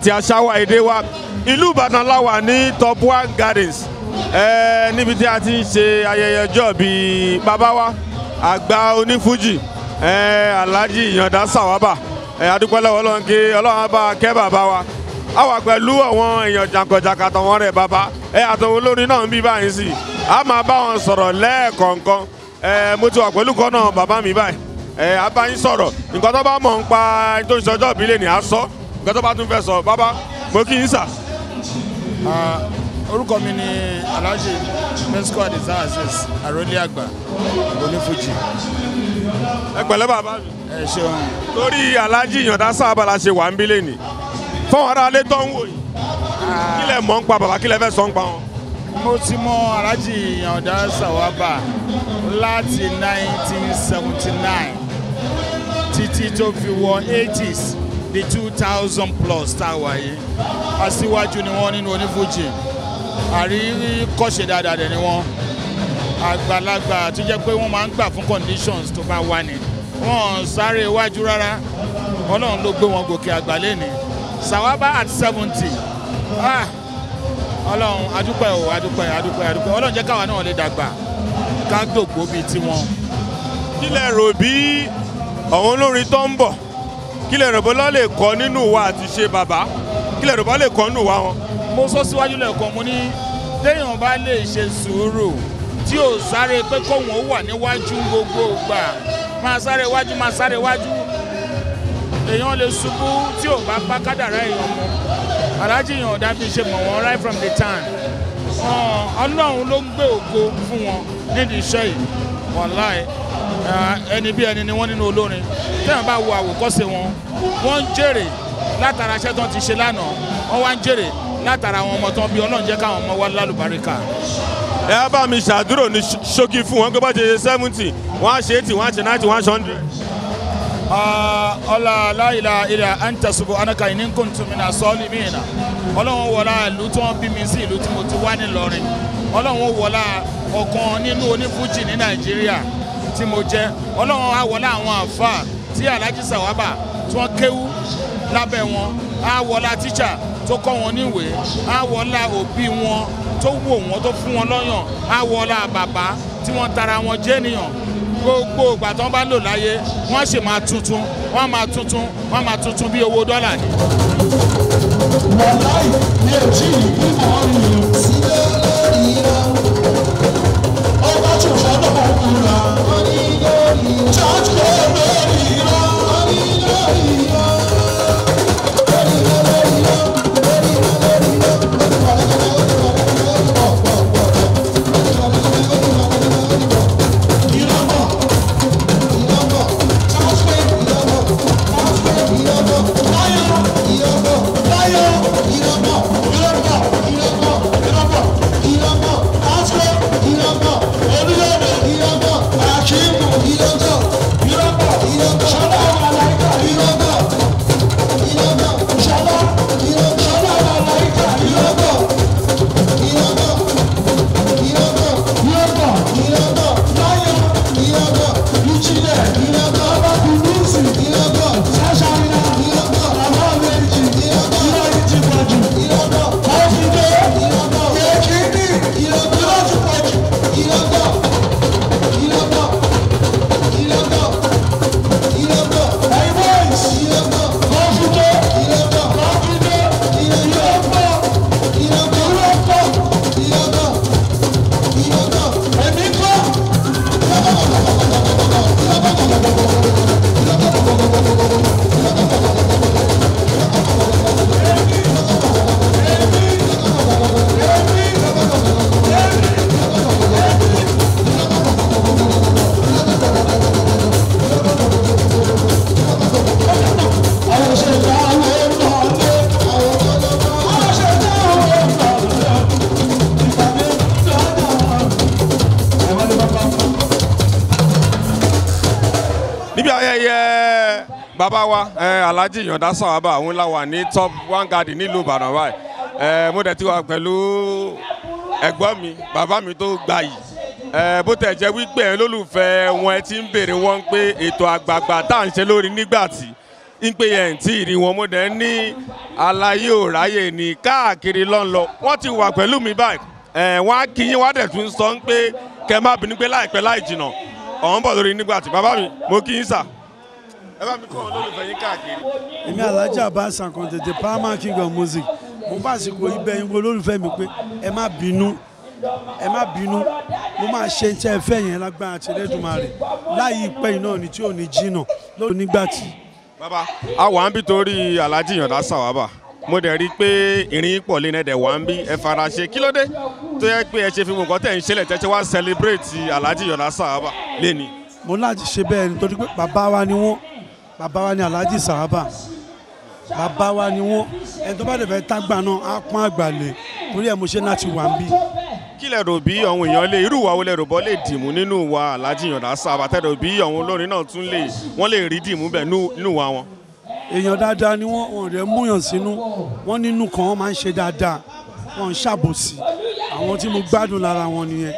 láti aṣáwá èdè wa ìlú ìbàdàn láwà ní top one gardens níbi tí a ti ń ṣe ayẹyẹ ọjọ́ bíi babawa àgbà onífújì alhaji ìyànda sàwábà adúpẹ́ lọ́wọ́ ọlọ́run bá wa a wà pẹ̀lú àwọn èèyàn jàǹkànjàǹkà rẹ̀ bàbá olórin náà bàbá mi báyìí a bá yín sọ̀rọ̀ nǹkan tó bá mọ̀ ń pa tó ń nǹkan tó bá tún fẹ́ sọ bàbá mo kí yín sà. orúkọ mi ni alhaji mesco adisa aziz aroli àgbà onífújì. ẹ pẹ̀lẹ́ bàbá mi. ẹ ṣeun. torí alhaji yọ̀dá sábàlá ṣe wà ń bílẹ̀ ni fọwọ́n ara lé tó ń wò yìí kí lẹ mọ̀ ń pa bàbá kí lẹ fẹ́ sọ ń pa wọn. mo ti mọ alhaji yọ̀dá sawaba láti nineteen títí tó fi wọ eighties the two thousand plus tá a wà yìí aṣíwájú ni wọ́n nínú onífújì àrírí kọ́ṣe dáadáa dẹ̀ ni wọ́n àgbàlagbà tó jẹ́ pé wọ́n máa ń gbà fún conditions tó bá wà ní wọ́n sáré iwájú rárá ọlọ́run ló gbé wọn gòkè àgbà lẹ́ni sàwábà at seventy ah ọlọ́run adúpẹ́ o adúpẹ́ adúpẹ́ adúpẹ́ ọlọ́run jẹ́ káwa náà lè dàgbà ká dògbò bíi tiwọn. kílẹ̀ rò bí àwọn olórin tó ń bọ̀ kílẹ̀ rògbò lọ́ lè kọ́ nínú wa àti ṣe bàbá kílẹ̀ rògbò lè kọ́ nínú wa wọn. mo sọ síwájú lẹ́ẹ̀kan mo ní téèyàn bá lè ṣe sùúrù tí ò sáré pé kóhùn ó wà níwájú gbogbo gbà máa sáré wájú máa sáré wájú èèyàn lè ṣubú tí ò bá bá kádàrá èèyàn mu aláàjì yàn ọ̀dà bíi ṣe mọ̀ wọ́n right from the time ọlọ́run ló ń gbé ògo fún wọn nídìí iṣẹ́ yìí wàláì Eh, ẹni bí ẹni ni wọ́n nínú olórin tẹ́wọ̀n bá wo àwòkọ́ṣe wọn wọ́n ń jèrè látara iṣẹ́ tó ti ṣe lánàá wọ́n wá ń jèrè látara àwọn ọmọ tó ń bí ọlọ́run jẹ́ káwọn ọmọ wa lálùbáríkà. ẹ á bá mi ṣàdúrò ní ṣókí fún wọn gbọ́dọ̀ ṣe seventy one eighty one ninety one hundred. Ah, ọlá láìla ilẹ̀ àǹtẹ̀sùbọ̀ anaka ìníkùntùn mi náà sọ́ọ́lì mí ìnà ọlọ́run wọlá ìlú tí wọ́n bí mi sí ìlú tí mo ti wá ní Ìlọrin ọlọ́run wọlá ọ̀kan nínú onífújì ní Nàìjíríà tí mo jẹ́ ọlọ́run á wọlé àwọn àfáà tí alhaji sawaba tí wọ́n kéwú lábẹ́ wọn á wọlé tíṣà tó kọ́ wọn níwèé á wọlé òbí wọn tó wò wọn tó fún wọn lọ́yàn á wọlé bàbá tí wọ́n tara wọn jẹ́ gbogbo ìgbà tó ń bá lò láyé wọ́n sì máa tuntun wọ́n máa tuntun wọ́n máa tuntun bí owó dọ́là ni. wàhálà yìí ni èjì yìí bí mò ń sílẹ̀ lórí náà. Church, bàbá wa alhaji yọ̀dá sàwábà òun la wà ní top one garden nílùú ìbàdàn báyìí mo dẹ̀ ti wà pẹ̀lú ẹ̀gbọ́n mi bàbá mi tó gbayì bó tẹ̀ jẹ́ wípé ẹ̀ lólùfẹ́ wọn ẹ ti ń béèrè wọn pé ètò àgbààgbà tá à ń ṣe lórí nígbàtí ń pè yẹn tí ìrì wọn mo dẹ̀ ní alayé òráyè ní káàkiri lọ́nlọ́ wọ́n ti wà pẹ̀lú mi báyìí wọ́n á kí yín wá dẹ̀ tún sọ pé kẹ́ má bínú pé láìpẹ́ láì jìnnà ọ̀hún bọ̀ lórí nígbàtí bàbá mi mo kí yín sà ẹ bá mi kọ́ ọ lólùfẹ́ yín káàkiri. èmi Alhaji Abbas Akande the paramount king of music mo bá àsìkò ibẹ̀ yín olólùfẹ́ mi pé ẹ má bínú ẹ má bínú mo máa ṣe tí ẹ fẹ́ yẹn lágbára àti Elédùmarè láyé ìpẹ́ yìí náà ni tí ò ní jìnnà lórí nígbà tí. bàbá a wà ń bí torí Alhaji Yọ̀ǹda Sàwábà mo dẹ̀ rí i pé ìrìn pọ̀ lẹ́nà ẹ̀dẹ̀ wà ń bí ẹ fara ṣe kí ló dé tó yẹ pé ẹ ṣe fi mọ̀kọ́ tẹ̀ ń ṣẹlẹ̀ tẹ̀ ṣe wá celebrate Alhaji Yọ̀ǹda Sàwábà lẹ́ni. mo láti ṣe bẹ́ẹ̀ nítorí pé bàbá wa ni wọ́n bàbá wa ni alhaji sahaba bàbá wa ni wọn ẹni tó bá dẹ̀ fẹ́ tágbà náà á pọ́n àgbàlẹ̀ torí ẹ̀ mo ṣe láti wà ń bí. kí lẹ rò bí àwọn èèyàn lè irú ìwà wo lẹ rò bọ́ lè dìmú nínú wa alhaji yọ̀dá sábà tẹ́ rò bí àwọn olórin náà tún lè wọ́n lè rí dìmú bẹ̀ nínú wa wọn. èèyàn dáadáa ni wọ́n wọn rẹ̀ múyàn sínú wọ́n nínú kan wọ́n máa ń ṣe dáadáa wọ́n ń ṣàbòsí àwọn tí mo gbádùn lára wọn nìyẹn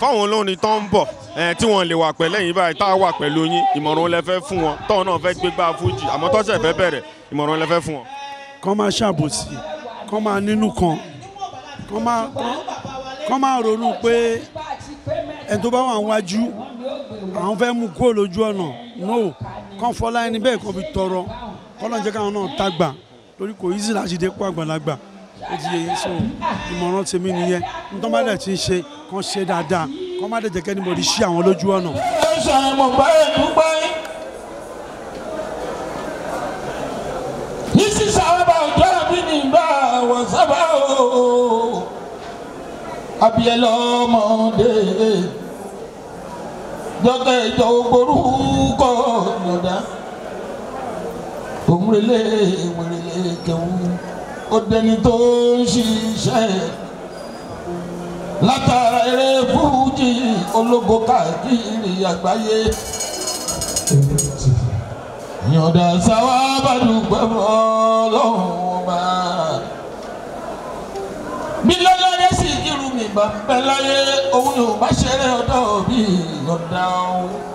fáwọn olórin tó ń bọ̀ tí wọ́n lè wà pẹ̀lẹ́ yín báyìí tá a wà pẹ̀lú yín ìmọ̀ràn lẹ fẹ́ fún wọn tọ́wọ́n náà fẹ́ gbégbá fújì àmọ́ tọ́sẹ̀ fẹ́ bẹ̀rẹ̀ ìmọ̀ràn lẹ fẹ́ fún wọn. kọ́ máa ṣàbòsí kọ́ máa nínú kan kọ́ máa ronú pé ẹni tó bá wà wájú àwọn fẹ́ mú kúrò lójú ọ̀nà no kàn fọlá ẹni bẹ́ẹ̀ kàn fi tọrọ kọ́ lọ́n jẹ́ káwọn náà tagbà lórí kò easy láti dé kó àgbàlagbà ó ti yẹ so ìmọ̀ràn tèmi nìyẹn nítorí bá dẹ̀ ti ń ṣe kàn ṣe dáadáa kàn má dẹ̀ jẹ́ kẹ́ni bòdì ṣí àwọn lójú ọ̀nà. ẹ ṣe àmọ̀ báyìí dúpẹ́. ní sísá ọba ọjọ́ ọ̀dẹni tó ń ṣiṣẹ́ látara eré fújì ológo káàkiri àgbáyé yọ̀dà sáwá bàdùgbẹ́ mọ́ lọ́hùn ọba. bí lọ́lọ́dẹ́ sì kírun mi bá ń bẹ láyé òun yóò bá ṣeré ọ̀dọ́ bí yọ̀dà ọ̀hún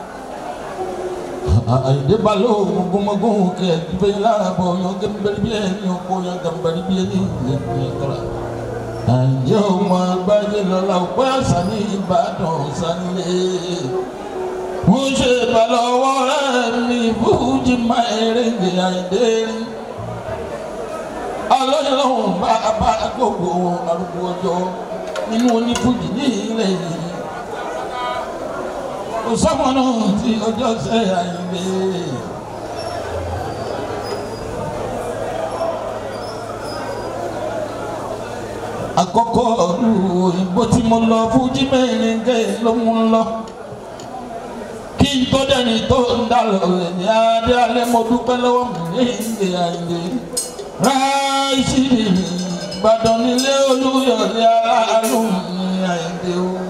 ayde balo gumago ke bela bo yo ke belie yo ko ni ni tra ayo ma baje lo la pa sani Ìbàdàn sanle mo se balo wa mi buji ma ere ni ayde Ọlọ́run bá a bá gbogbo arúgbó ọjọ́ nínú onífújì ní ilẹ̀ yìí kò sọ́mọ́nà tí ọjọ́ ṣe àyè. àkọ́kọ́ ọ̀rù òyìnbó tí mo lọ fújì mẹ́rin gẹ́ ló mú lọ kí n tó dẹ́ni tó ń dà lọ ní adé alẹ́ mo dúpẹ́ lọ́wọ́ mi ní ìgbé àìlè ráìsì Ìbàdàn nílé Olúyọ̀lé aláàánú ní àìlè o.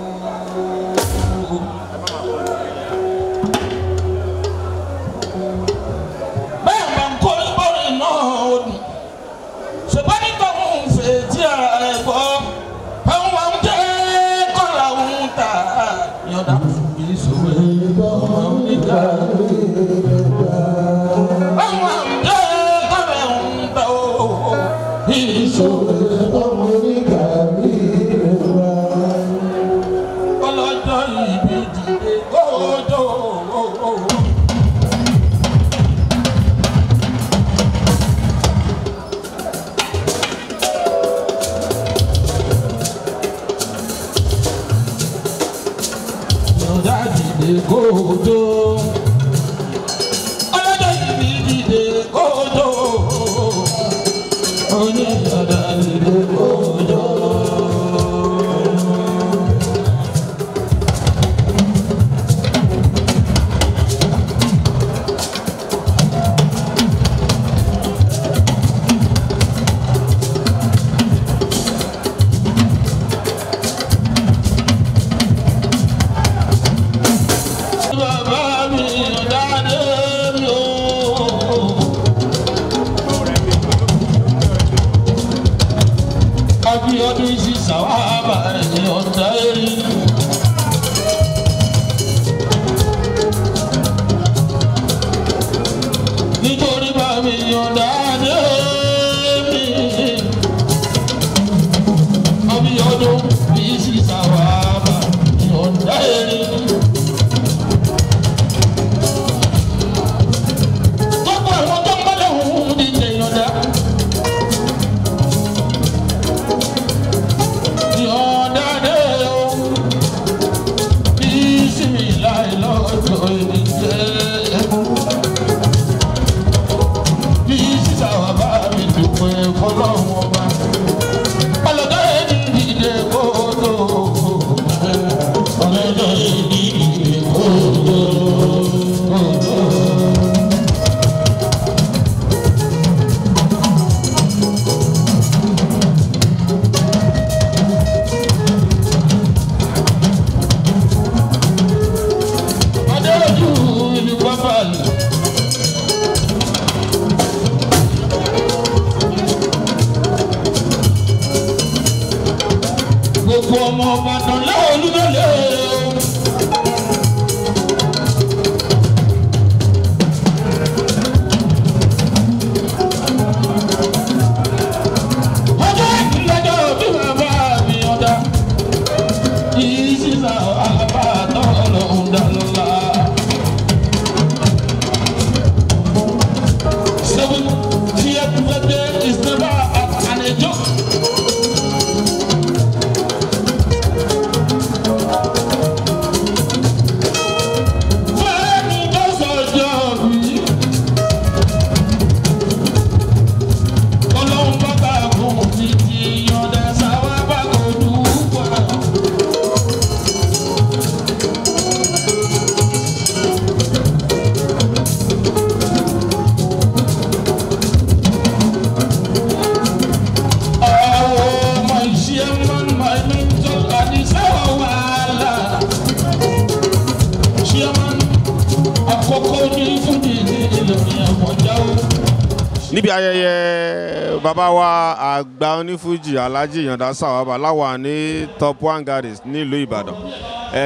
onífújì alhaji yọ̀ǹda sàwábà láwà ní top one gardens nílùú ìbàdàn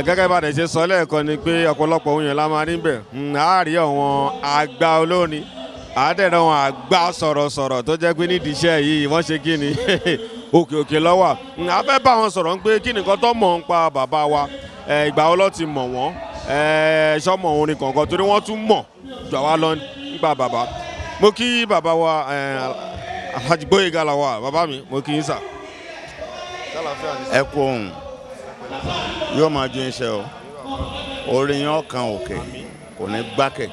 gẹ́gẹ́ bá dẹ̀ ṣe sọ lẹ́ẹ̀kan ni pé ọ̀pọ̀lọpọ̀ ohun yẹn la máa níbẹ̀ àárí hmm, àwọn àgbà olórin àádẹ́rẹ́ àwọn àgbà sọ̀rọ̀sọ̀rọ̀ tó jẹ́ pé nídìí iṣẹ́ yìí wọ́n ṣe kí ni òkè òkè lọ́wà hmm, a fẹ́ bá wọn sọ̀rọ̀ pé kí nìkan tó mọ̀ ń pa bàbá wa ìgbà wo ló ti mọ̀ wọ́n sọ́mọ̀ orin kọ̀ọ̀kan torí wọ́n tún mọ̀ jọ lọ nípa bàbá mo kí bàbá wa Alhaji Boye Galawa bàbá mi mo kì í sà. ẹ kú ohun yóò máa ju iṣẹ́ o orí yín ọkàn òkè kò ní gbákẹ̀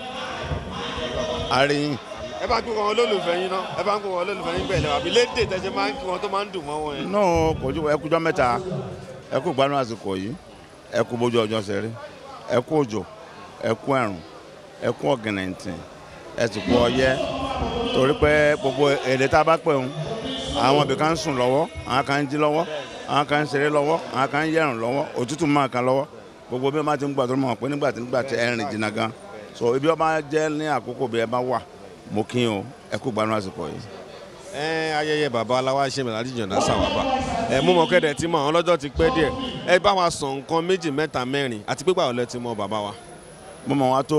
àrí yín. ẹ bá ń kí wọn olólùfẹ́ yín náà ẹ bá ń kí wọn olólùfẹ́ yín bẹ̀rẹ̀ àbí léde tẹ̀sẹ̀ máa ń kí wọn tó máa ń dùn mọ́ wọn yẹn. náà kò ju ẹ kújọ mẹ́ta ẹ kú gbanú àsìkò yìí ẹ kú bójú ọjọ́ ṣe ẹ kú òjò ẹ kú ẹ̀rùn ẹ kú ọ̀gìnìntìn ẹ̀sìnkú ọyẹ́ torí pé gbogbo èdè tá a bá pè ń àwọn ibìkan ń sùn lọ́wọ́ àwọn kan ń jí lọ́wọ́ àwọn kan ń ṣeré lọ́wọ́ àwọn kan ń yẹ̀rùn lọ́wọ́ òtútù máa kan lọ́wọ́ gbogbo bí wọ́n bá ti ń gbà tó mọ̀ pé nígbà tí nígbà tí ẹ̀rìn jìnnà gan so ibi ọba jẹ́ ní àkókò bí ẹ bá wà mo kí n o ẹ kú gbanú àsìkò yìí. ẹ ayẹyẹ bàbá aláwa ṣe mi láti jọ̀dá sàwábà ẹ mú mọ kẹ́dẹ̀ tí mọ àwọn lọ́jọ́ ti pẹ́ díẹ̀ ẹ bá wa sọ nǹkan méjì mẹ́ta mẹ́rin àti pé báwo lẹ ti mọ bàbá wa. mo mọ̀ wá tó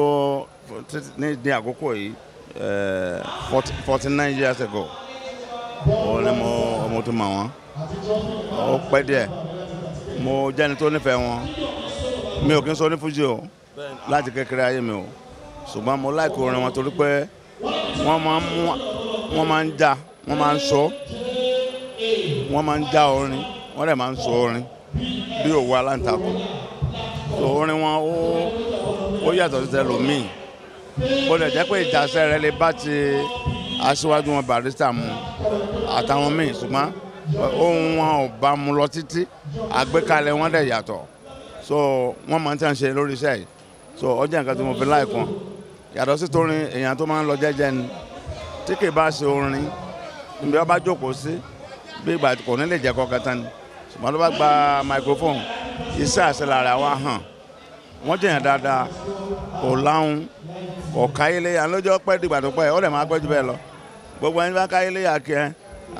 ní ní àkókò yìí eh, forty nine years ago òun ni mo ọmọ tó mọ̀ wọ́n ó pẹ́ díẹ̀ mo jẹ́ni tó nífẹ̀ẹ́ wọn mi ò kí n sọ ní fújì o láti kékeré ayé mi o ṣùgbọ́n mo láìkó orin wọn torí pé wọ́n máa ń mú wọ́n máa ń já wọ́n máa ń sọ wọ́n máa ń já orin wọ́n dẹ̀ máa ń sọ orin bí òwú aláǹtakùn so orin wọn ó yàtọ̀ sí tẹlómìn bó lè jẹ́ pé ìjàsẹ́ rẹ̀ lè bá ti aṣíwájú wọn Barrister mu àtàwọn míì ṣùgbọ́n ohun wọn ò bá mu lọ títí àgbékalẹ̀ wọn dẹ̀ yàtọ̀ so wọ́n máa ń tẹ̀ ń ṣe lórí iṣẹ́ yìí so ọjà nǹkan tí mo fi láì kan yàtọ̀ sí torin èèyàn tó máa ń lọ jẹ́jẹ́ ni tí kì í bá ṣe orin níbi ọba jókòó sí bí ìgbà kò ní lè jẹ́ kọ́kọ́ tán ni ṣùgbọ́n ló bá gba microphone iṣẹ́ àṣẹ lára wa hàn. wọ́n jẹ̀yàn dáadáa kò láhùn kò káyéléyà lójó pẹ́ dìgbà tó lọ gbogbo ẹni bá káyéléyà kí ẹ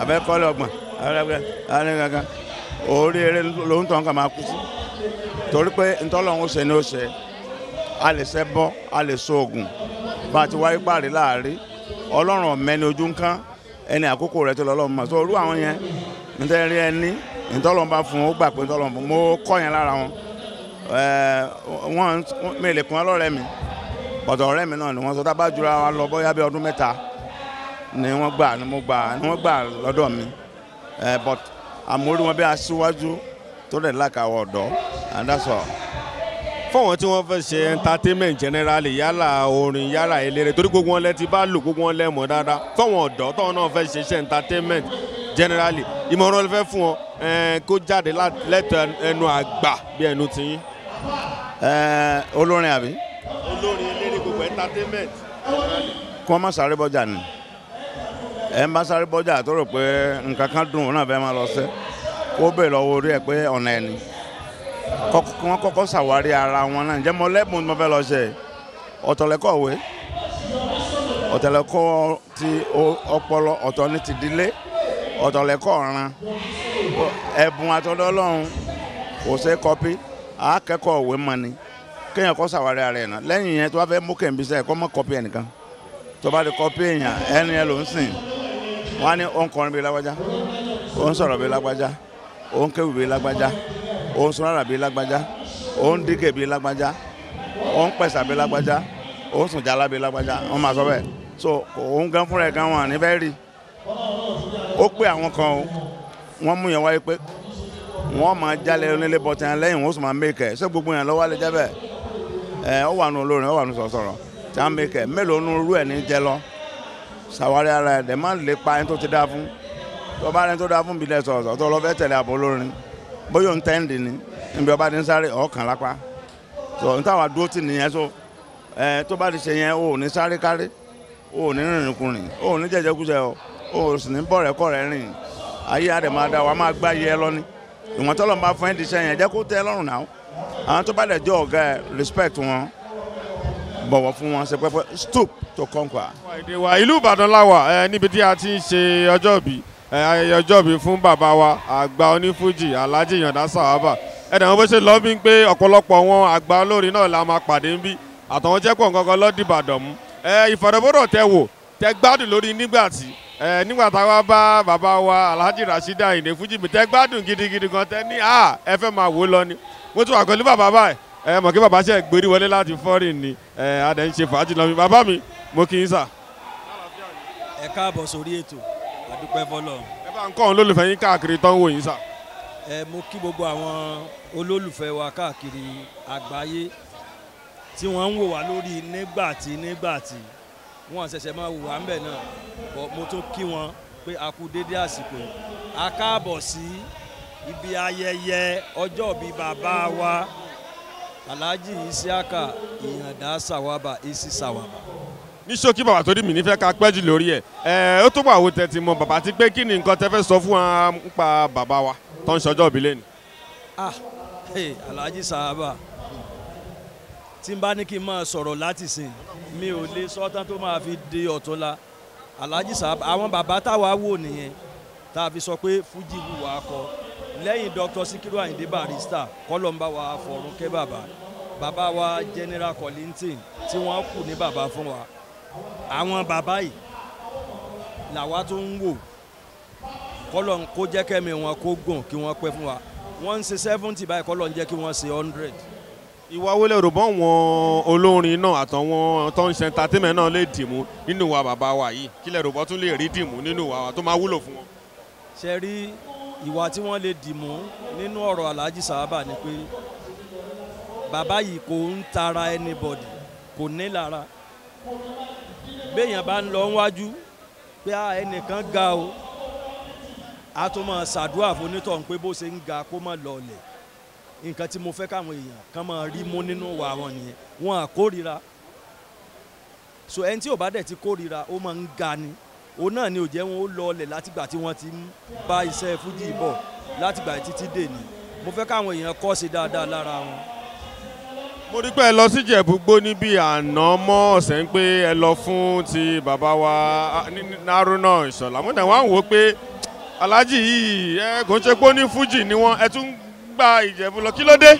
ọgbọ̀n alẹ́gbẹ̀kan orí ló ń máa kú torí pé ntọ́lọ́hún ṣe ni ó ṣe a lè ṣẹ́ bọ́ a lè oògùn bá a ti wáyé ọlọ́run ọ̀mẹ́ni ẹni àkókò rẹ ti lọ lọ́mọ àwọn yẹn ẹni ntọ́lọ́hún bá fún ó gbà Eh, wọ́n mi lè pọn lọ́rẹ́ mi ọ̀dọ̀ ọ̀rẹ́ mi náà ni wọ́n sọ tábà jura wa lọ bóyá bí ọdún mẹ́ta ni wọ́n gbà ni mo gbà ni wọ́n gbà lọ́dọ̀ mi eh, but àmórí wọn bí aṣíwájú tó dẹ̀ lákàwọ̀ ọ̀dọ́ and that's all fọwọn tí wọn fẹ́ ṣe entertainment generally yálà orin yálà eléré torí gbogbo wọn lẹ ti bá lò gbogbo wọn lẹ mọ̀ dáadáa fọwọn ọ̀dọ́ tọwọn náà fẹ́ ṣe ṣe entertainment generally ìmọ̀ràn lè fẹ́ fún ọ eh, kó jáde lẹ́tọ̀ ẹnu àgbà bí ẹnu tiyín. olórin àbí. olórin eléré gbogbo entertainment. kọ́ má sáré bọ́jà ni ẹ ń sáré bọ́jà tó rò pé nǹkan kan dùn náà fẹ́ máa lọ sẹ́ kó bèè lọ́wọ́ orí ẹ̀ pé ọ̀nà wọ́n kọ́kọ́ ara wọn náà ǹjẹ́ mo lẹ́bùn mo fẹ́ lọ ṣe ọ̀tọ̀lẹ́kọ̀wé ọ̀tọ̀lẹ́kọ̀ ti ọpọlọ ọ̀tọ̀ ti dílé ọ̀tọ̀lẹ́kọ̀ ọ̀ràn ẹ̀bùn àtọ̀dọ̀ kò ṣe é akẹ́kọ̀ọ́ òwe mọ ni kéèyàn kọ́ sàwárí ara ẹ̀ náà lẹ́yìn yẹn tó bá fẹ́ mú kẹ̀mí sẹ́yìn kọ́ mọ́ kọ́pì ẹnìkan tó bá ti kọ́pì èèyàn ẹni yẹn ló ń sìn wọ́n á ní òun kọrin bíi lágbájá òun sọ̀rọ̀ bíi lágbájá òun kéwì bíi lágbájá òun sunrara bíi lágbájá òun díkè bíi lágbájá òun pẹ̀sà bíi lágbájá òun sùn jala bíi lágbájá wọ́n máa sọ bẹ́ẹ̀ so òun gan fúnra ẹ̀ gan wọn à ní fẹ́ rí ó pé àwọn kan wọ́n mú yẹn wáyé pé wọ́n máa jalè onílé bọ̀tẹ́ lẹ́yìn wọ́n sì máa mẹ́kẹ̀ ṣé gbogbo yẹn lọ́wọ́ alẹ́ ẹ ọ wà nù ọ wà nù sọ̀sọ̀rọ̀ tí a mẹ́kẹ̀ mélòó nu rú ẹ̀ jẹ lọ ṣàwárí ara ẹ̀ dẹ̀ má lè pa ẹni tó ti dá fún tó bá tó dá fún bilẹ̀ sọ̀sọ̀ lọ fẹ́ tẹ̀lé bóyá ń tẹ́ǹdì ni ọba ti ń sáré lápá ti ìwọ̀n tọ́lọ̀ máa fún ẹ́ ti sẹ́yìn ẹ̀jẹ̀ kó tẹ́ lọ́rùn náà àwọn tó bá dẹ̀ jẹ́ ọ̀gá ẹ̀ respect wọn bọ̀wọ̀ fún wọn ṣe pẹ́pẹ́ stoop to conquer. èdè wa ìlú Ìbàdàn láwà níbi tí a ti ń ṣe ọjọ́ ìbí ayẹyẹ ọjọ́ ìbí fún bàbá wa àgbà onífújì Alhaji Yọ̀ǹda Sawaba ẹ̀dẹ̀ wọn bó ṣe lọ́ bí pé ọ̀pọ̀lọpọ̀ wọn àgbà olórin náà la máa pàdé ń bí àtọ̀wọ́n jẹ́ pọ̀ gangan lọ́dìbàdàn mú ìfọ̀rọ̀bọ̀rọ̀ tẹ wò tẹ gbádùn lórí nígbàtí ẹ nígbà tá a wá bá bàbá wa Alhaji Rasheed Ayinde Fujimi tẹ gbádùn gidigidi gan tẹ ní à ẹ fẹ́ máa wò lọ ni mo tún wà pẹ̀lú bàbá báyìí ẹ mọ̀ kí bàbá ṣe gbérí wọlé láti fọ́rìn ni ẹ adẹ̀ ń ṣe fàájì lọ́mí bàbá mi mo kì í sà. ẹ káàbọ̀ sórí ètò àdúpẹ́ fọlọ́. ẹ bá ń kọ́ àwọn olólùfẹ́ yín káàkiri tán wò yín sà. ẹ mo kí gbogbo àwọn olólùfẹ́ wa káàkiri àgbáyé tí wọ́n ń wò wá lórí nígbàtí nígbàtí wọn ṣẹ̀ṣẹ̀ máa wù wá ń bẹ̀ náà bọ̀ mo tó kí wọn pé a kú dédé àsìkò yìí a káàbọ̀ sí ibi ayẹyẹ ọjọ́ bíi bàbá wa alhaji isiaka ìyàndá sawaba isi sawaba. ní ṣókí bàbá tó dì mí nífẹ̀ẹ́ ká pẹ́jù lórí ẹ̀ ẹ̀ ó tó bá wo tẹ̀tì mọ bàbá ti pé kí ni nǹkan tẹ́ fẹ́ sọ fún wa nípa bàbá wa tó ń ṣọjọ́ ìbílẹ̀ ni. ah hey, alhaji sawaba tí n bá ní kí n máa sọ̀rọ̀ láti sìn mi ò lè sọ tán tó máa fi di ọ̀túnla alhaji sahab àwọn bàbá táwa wò nìyẹn tá a fi sọ pé fújì wùwà akọ lẹ́yìn dr sikiru ayinde barrister kọ́lọ́mbà wa fọ̀rùn kẹ́ bàbá bàbá wa general collington tí wọ́n kù ní bàbá fún wa àwọn bàbá yìí làwa tó ń wò kọ́lọ̀ kó jẹ́ kẹ́mi wọn kó gùn kí wọ́n pẹ́ fún wa wọ́n ń ṣe seventy báyìí kọ́lọ̀ ń jẹ́ kí wọ́n ṣe hundred ìwà owó lẹ́rù wọn olórin náà àtọ̀wọn tó ń ṣe entertainment náà lè dìmú nínú ìwà bàbá wa yìí kí lẹ́rù bọ́ tún lè rí dìmú nínú ìwà wa tó máa wúlò fún wọn. ṣe rí ìwà tí wọ́n lè dìmú nínú ọ̀rọ̀ Alhaji Sawaba ni pé bàbá yìí kò ń tara anybody kò ní lára béèyàn bá ń lọ wájú pé ẹnìkan ga o a tún máa ṣàdúrà fún onítọ̀ pé bó ṣe ń ga kó má lọ ọ̀lẹ̀ nǹkan tí mo fẹ́ káwọn èèyàn kan máa rí mú nínú wa wọn nìyẹn wọn à kórira so ẹni tí ò bá dẹ̀ ti kórira ó máa ń ga ni òun náà ni ò jẹ́ wọn ó lọlẹ̀ látìgbà tí wọ́n ti ń bá iṣẹ́ fújì bọ̀ látìgbà títí dèní mo fẹ́ káwọn èèyàn kọ́ sí dáadáa lára wọn. mo rí pé ẹ lọ sí Ìjẹ̀bú-Igbó níbi àná mọ́ ọ̀sẹ̀ ń pé ẹ lọ fún ti bàbá wa Haruna Ìṣọ̀lá mo tẹ̀ wá ń wò ó pé aláàjì yìí ẹ kò ń ṣe pé ó ní fújì ni wọ́n ẹ tún gba ìjẹ̀bú lọ kí ló dé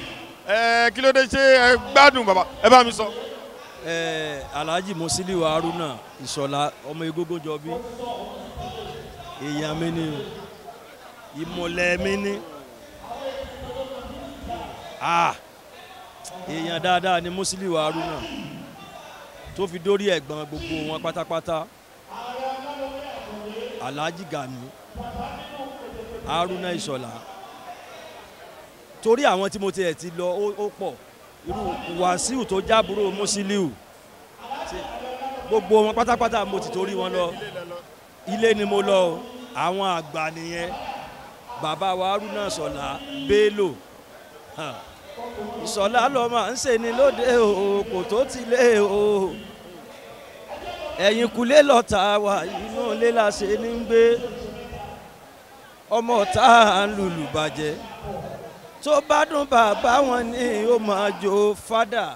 kí ló dé ṣé ẹ gbádùn bàbá ẹ bá mi sọ. alhaji musiliu haruna ìṣọ̀lá ọmọ egógó jọ èèyàn mi ni ìmọ̀lẹ̀ mi ni èèyàn dáadáa ni musiliu haruna tó fi dórí ẹ̀gbọ́n gbogbo wọn pátápátá alhaji gani haruna ìṣọ̀lá torí àwọn tí mo tiẹ̀ ti lọ ó pọ̀ irú Wàsíù tó jábúrò Musiliu gbogbo wọn pátápátá mo ti torí wọn lọ ilé ni mo lọ o àwọn àgbà nìyẹn bàbá wa Haruna Sọlá Bello Sọlá lọ ń ṣe ni lóde o kò tó ti lé o ẹ̀yìn kulé lọ́ta wà inú ilé la ṣe ní gbé ọmọ tá à ń lùlù bàjẹ́ tó bá dùn bàbá wọn ni ó máa jó fada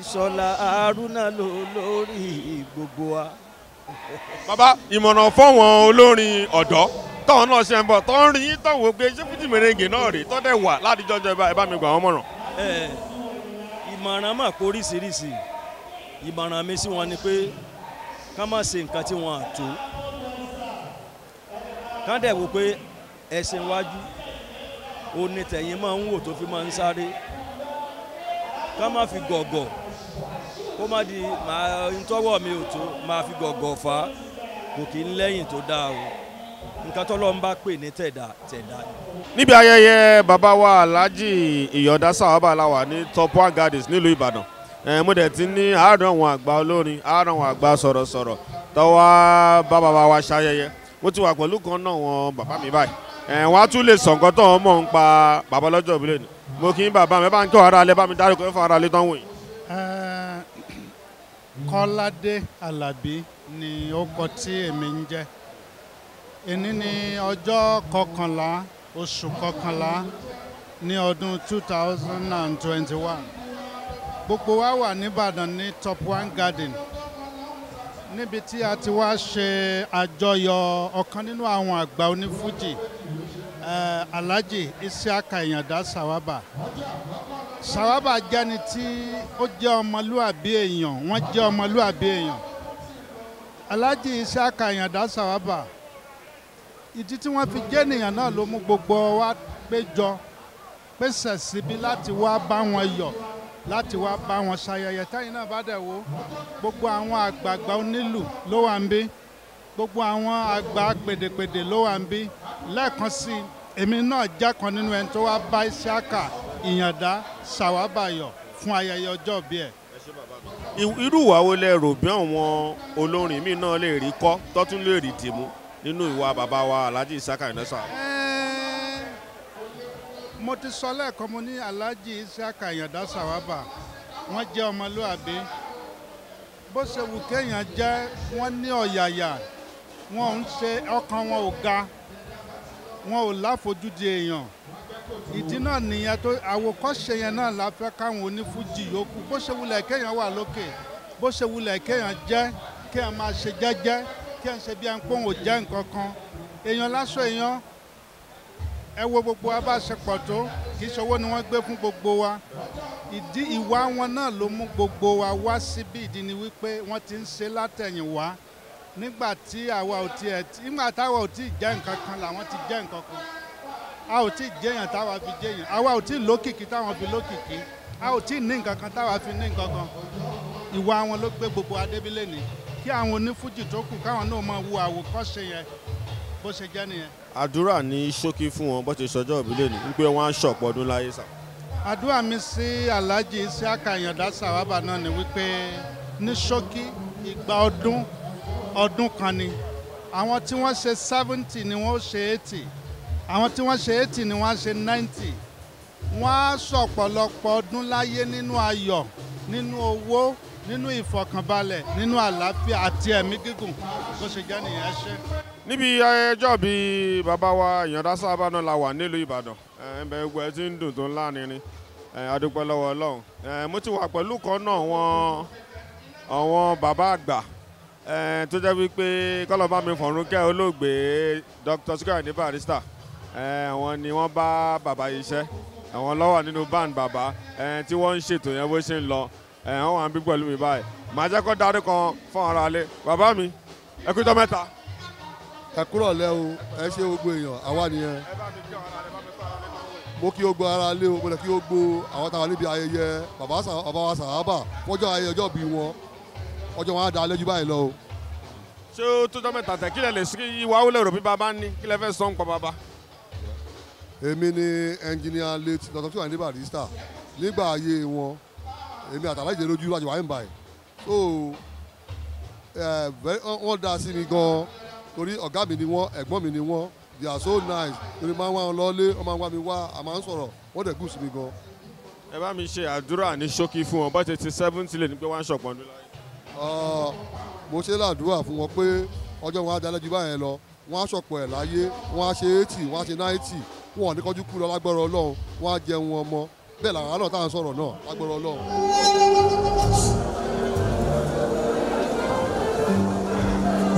ìṣọ̀lá haruna ló lórí gbogbo wa. bàbá ìmọ̀ràn fọ́wọ́n olórin ọ̀dọ́ tọ́hún náà ṣe ń bọ̀ tọ́ ń rí yín tọ́wọ́ pé ṣé fújì mèrèǹgè náà rèé tọ́dẹ̀ wà ládìjọ́jọ́ ẹ bá mi gbà wọ́n mọ̀ràn. ìmọ̀ràn mà kó oríṣiríṣi ìmọ̀ràn mi sí wọn ni pé ká má ṣe nǹkan tí wọ́n á ká dẹ̀ wò pé ẹ̀sìn wájú ó ní tẹ̀yìn máa ń wò tó fi máa ń sáré ká má fi gọ̀gọ̀ kó má di màá ntọ́wọ́ mi ò tó máa fi gọ̀gọ̀ fà kò kí ń lẹ́yìn tó dáa o nǹkan tọ́lọ́ ń bá pè ní tẹ̀dá tẹ̀dá níbi ayẹyẹ bàbá wa alhaji ìyọ̀dá sàwábà làwà ní top one gardens nílùú ìbàdàn mo dẹ̀ ti ní àádọ́ àwọn àgbà olórin àádọ́ àwọn àgbà sọ̀rọ̀sọ̀rọ̀ tọ́wọ́ bá bàbá wa ṣayẹyẹ mo ti wà pẹ̀lú kan náà wọn bàbá mi báyìí ẹ̀ wá tún lè sọ̀ǹkan tó wọn ń pa bàbá lọ́jọ́ ìbílẹ̀ ni mo kí n bàbá mi bá ń kí ọ̀rá alẹ́ bá mi dárúkọ ẹ̀fọ́ ara alẹ́ tán wòye. Kọ́ládé Àlàbí ni ó kọ tí èmi ń jẹ́ èní ni ọjọ́ kọkànlá oṣù kọkànlá ní ọdún two thousand and twenty one gbogbo wa wà ní ní Top One Garden níbi tí a ti wá ṣe àjọyọ̀ ọ̀kan nínú àwọn àgbà onífújì Alhaji Isiaka Ìyàndá Sawaba Sawaba jẹ́ni tí ó jẹ́ ọmọlúàbí èèyàn wọ́n jẹ́ ọmọlúàbí èèyàn Alhaji Isiaka Ìyàndá Sawaba ìdí tí wọ́n fi jẹ́nìyàn náà ló mú gbogbo wa péjọ pèsè síbi láti wá bá wọn yọ̀ láti wá bá wọn ṣayẹyẹ táyìn náà bá dẹ̀ wo gbogbo àwọn àgbààgbà onílù ló wà ń bí gbogbo àwọn àgbà pèdèpèdè ló wà ń bí lẹ́ẹ̀kan sí èmi náà jákan nínú ẹni tó wá bá Isiaka Ìyàndá Ṣàwábàyọ̀ fún ayẹyẹ ọjọ́ bí ẹ̀. irú ìwà wo lẹ rò bí àwọn olórin míì náà lè rí kọ́ tọ́tún lè rí tìmú nínú ìwà bàbá wa Alhaji Isiaka Ìyàndá Ṣàwábàyọ̀ mo ti sọ lẹ́ẹ̀kan mo ní Alhaji Isiaq Àyàndá Sawaba wọ́n jẹ́ ọmọlúàbí bó ṣe wù kéèyàn jẹ́ wọ́n ní ọ̀yàyà wọn ò ń ṣe ọkàn wọn ò ga wọn ò láfojúdi èèyàn ìdí náà nìyẹn tó àwòkọ́ṣe yẹn náà la fẹ́ káwọn onífújì yòókù bó ṣe wulẹ̀ kéèyàn wà lókè bó ṣe wulẹ̀ kéèyàn jẹ́ kéèyàn máa ṣe jẹ́jẹ́ kéèyàn ṣe bí ẹni ò jẹ́ nǹkan kan èèyàn lásán èèyàn ẹ wo gbogbo abáṣepọ̀ tó kì í ṣòwò ni wọ́n gbé fún gbogbo wa ìdí ìwà wọn náà ló mú gbogbo wa wá síbi ìdí ni wípé wọ́n ti ń ṣe látẹ̀yìn wá nígbà tí àwa ò tiẹ̀ nígbà táwa ò tíì jẹ́ nǹkan kan làwọn ti jẹ́ nǹkan kan a ò tíì jẹ́yàn táwa fi jẹ́yàn àwa ò tíì lókìkí táwọn fi lókìkí a ò tíì ní nǹkan kan táwa fi ní nǹkan kan ìwà wọn ló gbé gbogbo adébílẹ̀ ní kí àwọn onífújì tó kù káwọn náà máa wo àwòkọ́ṣe yẹn bó ṣe jẹ́ nìyẹn àdúrà ní ṣókí fún wọn bó ti sọjọ́ ìbílẹ̀ ni wípé wọ́n á ṣọ̀pọ̀ ọdún láyé sà. àdúrà mi sí alhaji isiaka ayanda sawaba náà ni wípé ní ṣókí ìgbà ọdún ọdún kan ni àwọn tí wọ́n ṣe seventy ni wọ́n ṣe eighty àwọn tí wọ́n ṣe eighty ni wọ́n ṣe ninety wọ́n á ṣọ̀pọ̀lọpọ̀ ọdún láyé nínú ayọ̀ nínú owó nínú ìfọ̀kànbalẹ̀ nínú àlàáfíà àti ẹ̀mí gígùn bó ṣe jẹ́ nìyẹn ṣe níbi ẹjọ́ bíi bàbá wa ìyànda sábàánà la wà nílùú ìbàdàn ẹ̀ẹ́dẹ̀ gbogbo ẹ ti ń dùn tó ń láàrin adúpẹ́ lọ́wọ́ ọlọ́run mo ti wà pẹ̀lú kan náà wọn àwọn bàbá àgbà tó jẹ́ wípé kọ́lọ́bá mi fọ̀rún kẹ́ olóògbé Dr. Sikiru Barrister àwọn ni wọ́n bá bàbá yìí ṣẹ́ àwọn lọ́wọ́ nínú band bàbá tí wọ́n ń ṣètò yẹn bó ṣe ń lọ wọ́n wà ń bí pẹ̀lú mi báyìí màá jẹ́ kó darí kan fún ara lé bàbá mi ẹ kú mẹ́ta ẹ kúrọ̀ lẹ́ o ẹ ṣe gbogbo èèyàn àwa nìyẹn mo kí gbogbo ara lé o mo lè kí gbogbo àwọn táwa níbi ayẹyẹ bàbá wa sàhábà fọjọ́ ayẹyẹ ọjọ́ bí wọn ọjọ́ wọn á da lẹ́jú báyìí lọ o. ṣé o tó dọ́mẹ̀ tàtẹ̀ kílẹ̀ lè sí ìwà awolẹ̀ òròbí bàbá ní kílẹ̀ fẹ́ sọ́n pa bàbá. èmi ni ẹnjìníà late dr tiwa ní Barrister nígbà ayé wọn èmi àtàlà ìjẹ́lójú wájú wáyé ń báyìí so eh, wọ́n da sí mi gan-an torí ọ̀gá mi ni wọ́n ẹ̀gbọ́n mi ni wọ́n they are so nice torí máa ń wá wọn lọ́lé wọ́n máa mi wá a máa ń sọ̀rọ̀ wọ́n dẹ̀ gùsù mi gan. ẹ bá mi ṣe àdúrà ní ṣókí fún wọn bọ́tẹ̀ ti seventy lè ní pé wọ́n á ṣọ̀pọ̀ ọdún mo ṣe làdúrà fún wọn pé ọjọ́ wọn á dalẹ́ ju báyẹn lọ wọ́n á ṣọ̀pọ̀ ẹ̀ láyé wọ́n á ṣe eighty wọ́n á ṣe ninety wọn ò ní kọjú kú lọ lágbára Ọlọ́run wọ́n á jẹun ọmọ bẹ́ẹ̀ làwọn àlọ́ tá à ń sọ̀rọ̀ náà lágbára Ọlọ́run.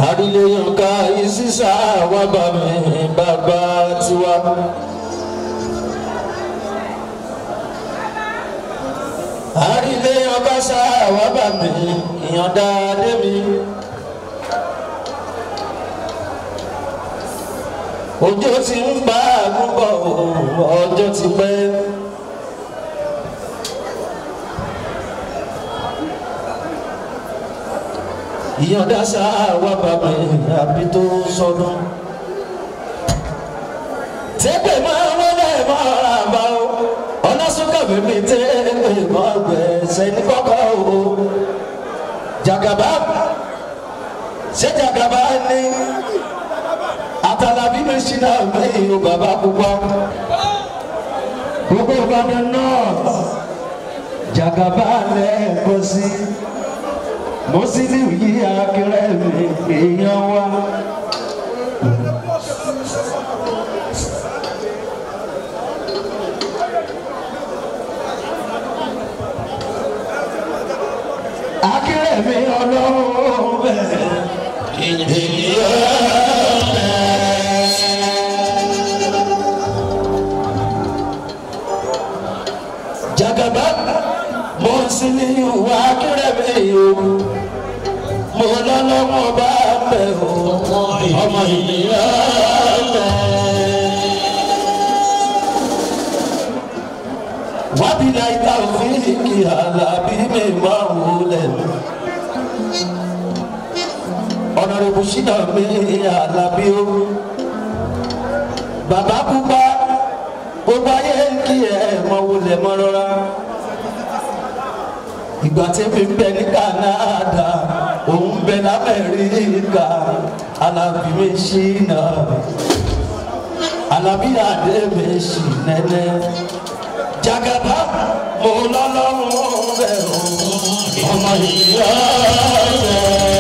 àdìlẹ́yìn ká ìsísà wà bá mi bàbá tiwa. àdìlẹ́yìn ọba sá wà bá mi ìyànda débi. ọjọ́ ti ń pa àgùnbọ̀ ọjọ́ ti pẹ́. ìyọ̀dá sáà wà bàbá àbí tó sọdún. tẹ́gbẹ̀ máa wọlé máa ra àbá o ọlọ́sùnkàbí mi tẹ́gbẹ̀ máa gbẹ̀sẹ̀ ní kọ́kọ́ o. jàgàbá ṣé jàgàbá ni àtàlàbí mi ṣì náà mẹ́yìn o bàbá púpọ̀. gbogbo ìbàdàn náà jàgàbá lẹ́ẹ̀kọ́ sí i mo sì ti wí mi èèyàn wá. akẹrẹ mi. bá bẹ̀ ọmọ ìyá bẹ̀. wábìlà ìtàwíìkì alábí mi máa ń wọlẹ̀. ọ̀nàrẹ́bù ṣínà mi alábí ó. bàbá pupa gbogbo ayé kí ẹ mọ wọlẹ̀ mọ́ rọra. ìgbà tí mi ń bẹ ní Kánádà lamẹ́ríkà alábí mi ṣì náà alábí adé mi ṣì nẹ́nẹ́ jagaba mo lọ́lọ́run bẹ̀rù ọmọ ìyá bẹ̀rù.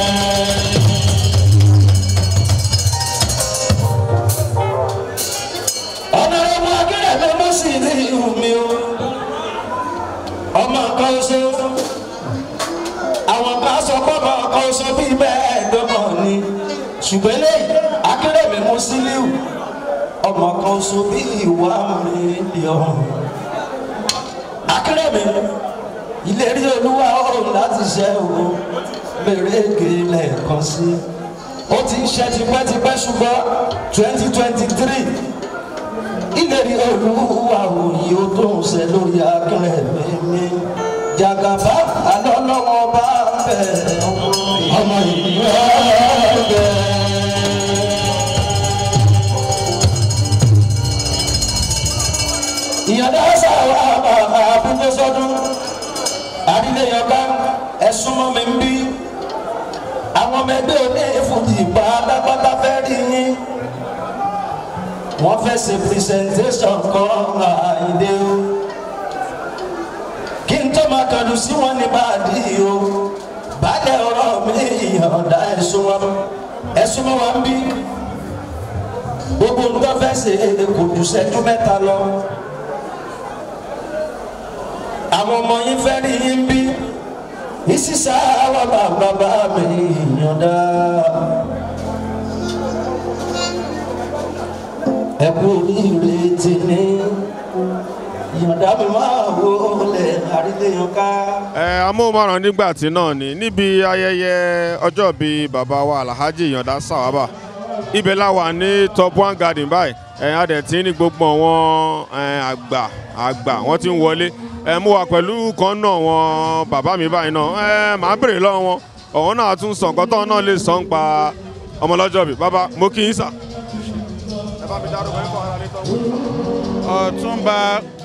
صبي وامري اليوم akérèmí ìlérí olúwa ọrùn láti ṣe òun mèrèké lẹ́ẹ̀kan sí ó ti ń ṣe tipẹ́tipẹ́ ṣùgbọ́n twenty twenty three ìlérí olúwa òyì ó tó ń ṣe lórí akérèmí mi jàgàbá alọ́lọ́wọ́ bá bẹ̀rẹ̀ ọmọ ìlú rẹ̀. ẹ̀yàn bá ẹ̀sùn mọ́ mi ń bí àwọn ọmọ ẹgbẹ́ onífújì pa alápátá fẹ́ rí yín wọ́n fẹ́ ṣe presentation kan àìdè o kí n tó máa kàdù sí wọn ní báàdì o balẹ̀ ọ̀rọ̀ mi ìyọ̀ǹda ẹ̀sùn wọn ẹ̀sùn mọ́ wa ń bí gbogbo nǹkan fẹ́ ṣe kò jù ṣẹ́jú mẹ́ta lọ. àwọn ọmọ yín fẹ́ rí yín bí ìsísá wà bàbá mi yọ̀ǹda. ẹ kú ti ní ìyọ̀ǹda mi máa wo olè àríléyànká. ẹ nígbà náà níbi ayẹyẹ ọjọ́ bíi bàbá wa alhaji ibẹ̀ la top one garden báyìí adẹ̀tí ní gbogbo wọn àgbà àgbà wọn ti ń wọlé mo wà pẹ̀lú kan náà wọn bàbá mi báyìí náà màá bèrè lọ́wọ́ wọn ọ̀hún náà tún sàn kọ́tọ́ náà lè sàn pa ọmọlọ́jọ́ bí bàbá mo kí yín sà. ọ̀túnba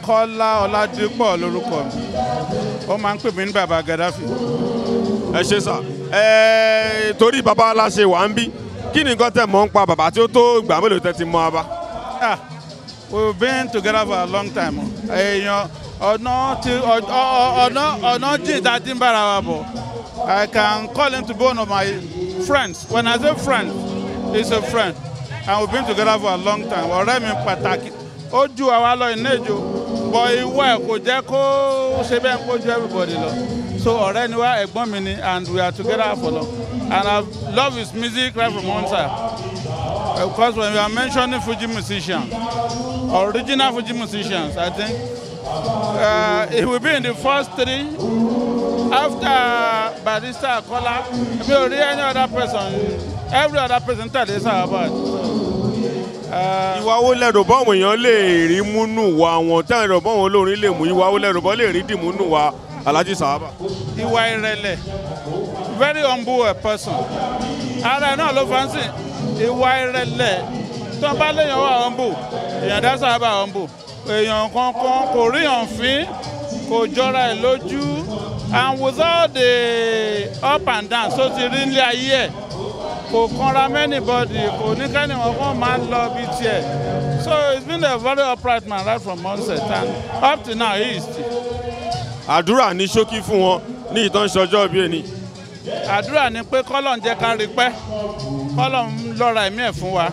kọ́lá ọ̀làdìpọ̀ lórúkọ mi ó máa ń pè mí ní bàbá gaddafi. ẹ ṣe sà torí bàbá aláṣẹ wà ń bí kí ni nǹkan tẹ̀ mọ́ ń pa bàbá tí ó tó ìgbà tẹ́ ti mọ́ abá ah we've been together for a long time èèyàn ọ̀nà ti ọ̀nà ọ̀nà jìn tá a ti ń bára wa bọ̀ I can call him to be one of my friends when I say friend he's a friend and we've been together for a long time ọ̀rẹ́ mi pàtàkì ó ju àwa lọ ìnẹ́jọ bọ̀ ìwọ ẹ̀ kò jẹ́ kó ṣe bẹ́ẹ̀ kó ju everybody lọ so ọ̀rẹ́ ni wá ẹ̀gbọ́n mi ni and we are together for long and I love his music right from one side. course, when we are mentioning Fuji musicians, original Fuji musicians, I think uh, it will be in the first three. After Barista Akola, if you read any other person, every other person tell us about. Uh, ìwà wo lẹ́rù bọ́ọ̀mù èèyàn lè rí múnú wa wọn táwọn ẹ̀rọ bọ́ọ̀mù olórin lè mú ìwà wo lẹ́rù bọ́ọ̀ lè rí dìmúnú wa Alhaji Sawaba. ìwà ìrẹ̀lẹ̀ very humble a person ara ẹ̀ náà ló fa ń sìn ìwà ìrẹ̀lẹ̀ tó ń bá léèyàn wà humble èèyàn dá sábà humble èèyàn kankan kò ríyàn fín kò jọra ẹ̀ lójú and without the up and down So ti rí nílé ayé ẹ̀ kò kanra body, kò ní kẹ́nìwọ̀n kan máa ń lọ bí tiẹ̀ so it's been a very upright man right from onset and up to now he is still. àdúrà ní ṣókí fún wọn ní ìtàn ìṣọjọ́ bíi ẹni àdúrà ni pé kọ́lọ́n jẹ́ ká rí pẹ́ kọ́lọ́n lọ́ra ẹ̀mí ẹ̀ fún wa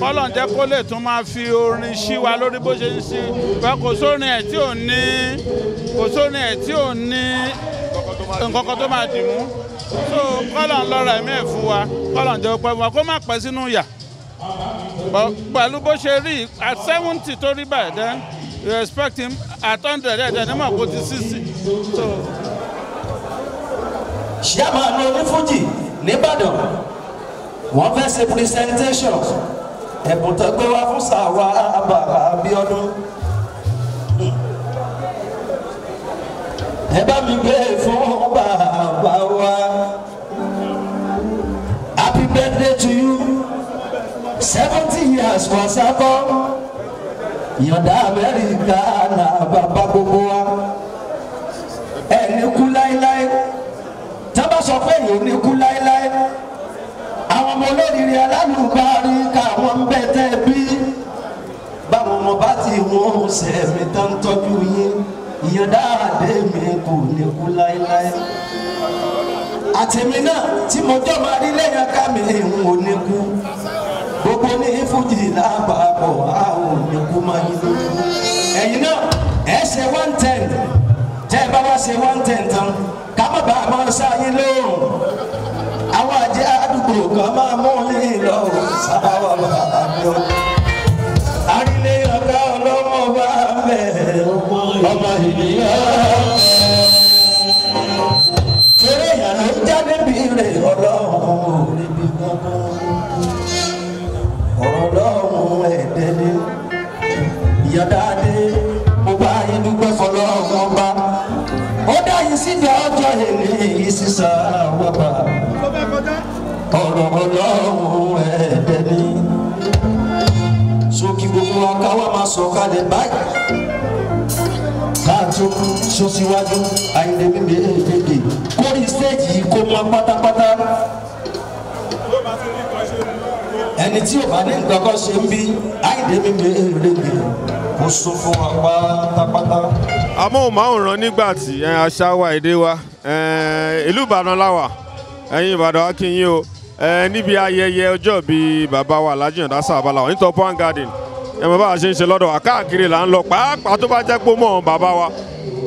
kọ́lọ́n jẹ́ kó lè tún máa fi orin sí wa lórí bó ṣe ń sí wa kò sórin ẹ̀ tí ò ní kò sórin ẹ̀ tí ò ní nǹkan tó máa dì mú so kọ́lọ́n lọ́ra ẹ̀mí ẹ̀ fún wa kọ́lọ́n jẹ́ pẹ́ fún wa kó má pẹ́ sínú yà pẹ̀lú bó ṣe rí at seventy tó rí báyìí then you him at hundred ẹ̀ dẹ̀ ní mọ̀ kó ti sixty so ṣíàmánu onífújì nìbàdàn wọ́n fẹ́ ṣe presentation ẹ̀bùn tó gbé wá fún sàwa àbàrà Abíọ́dún ẹ bá mi gbé fún bàbá wa happy birthday to you seventy years for sako yọ̀dá Amẹ́ríkà náà bàbá gbogbo wa ẹni kú ò ní kú láéláé àwọn ọmọ olóríire alálùbárí káwọn ń bẹ tẹ́ bí báwọn ọmọ bá ti wọ́n sẹ̀mí tó ń tọ́jú yín ìyẹn dáadé mi kò ní kú láéláé àtẹ̀mí náà tí mo jọ́ máa rí lẹ́yìn aká mi ìhun ò ní kú gbogbo ní fújì lápapọ̀ a ò kú máa yín lójú ẹ̀yin náà ẹsẹ̀ one ten tẹ́ ẹ bá wá ṣe one ten tán ká má bàa máa ṣáyé lóòrùn àwọn àjẹ àdúgbò kan máa mú yín lọ sábà wà bàbá mi o. ọ̀gá ọlọ́mọ bá bẹ̀ ọmọ ènìyàn. Eré ìyàrá jáde bí rè ọlọ́run níbi kankan. sún síwájú Àyìndé mímí èdèdè kó rí stéèjì yìí kó mọ pátápátá ẹni tí ò bá ní nǹkan kan ṣe ń bí Àyìndé mímí èdèdè kó sún fún wa pátápátá. amóhùnmáwòrán nígbà tí àṣà wa èdè wa ìlú Ìbàdàn la wà Ìbàdàn wa kí n yín o níbi ayẹyẹ ọjọ́ bíi bàbá wa Alhaji Yọ̀ǹda Sàbá la wà Garden ẹ bá a ṣe ń ṣe lọ́dọ̀ wa káàkiri là ń lọ pàápàá tó bá jẹ́ pé mọ̀ bàbá wa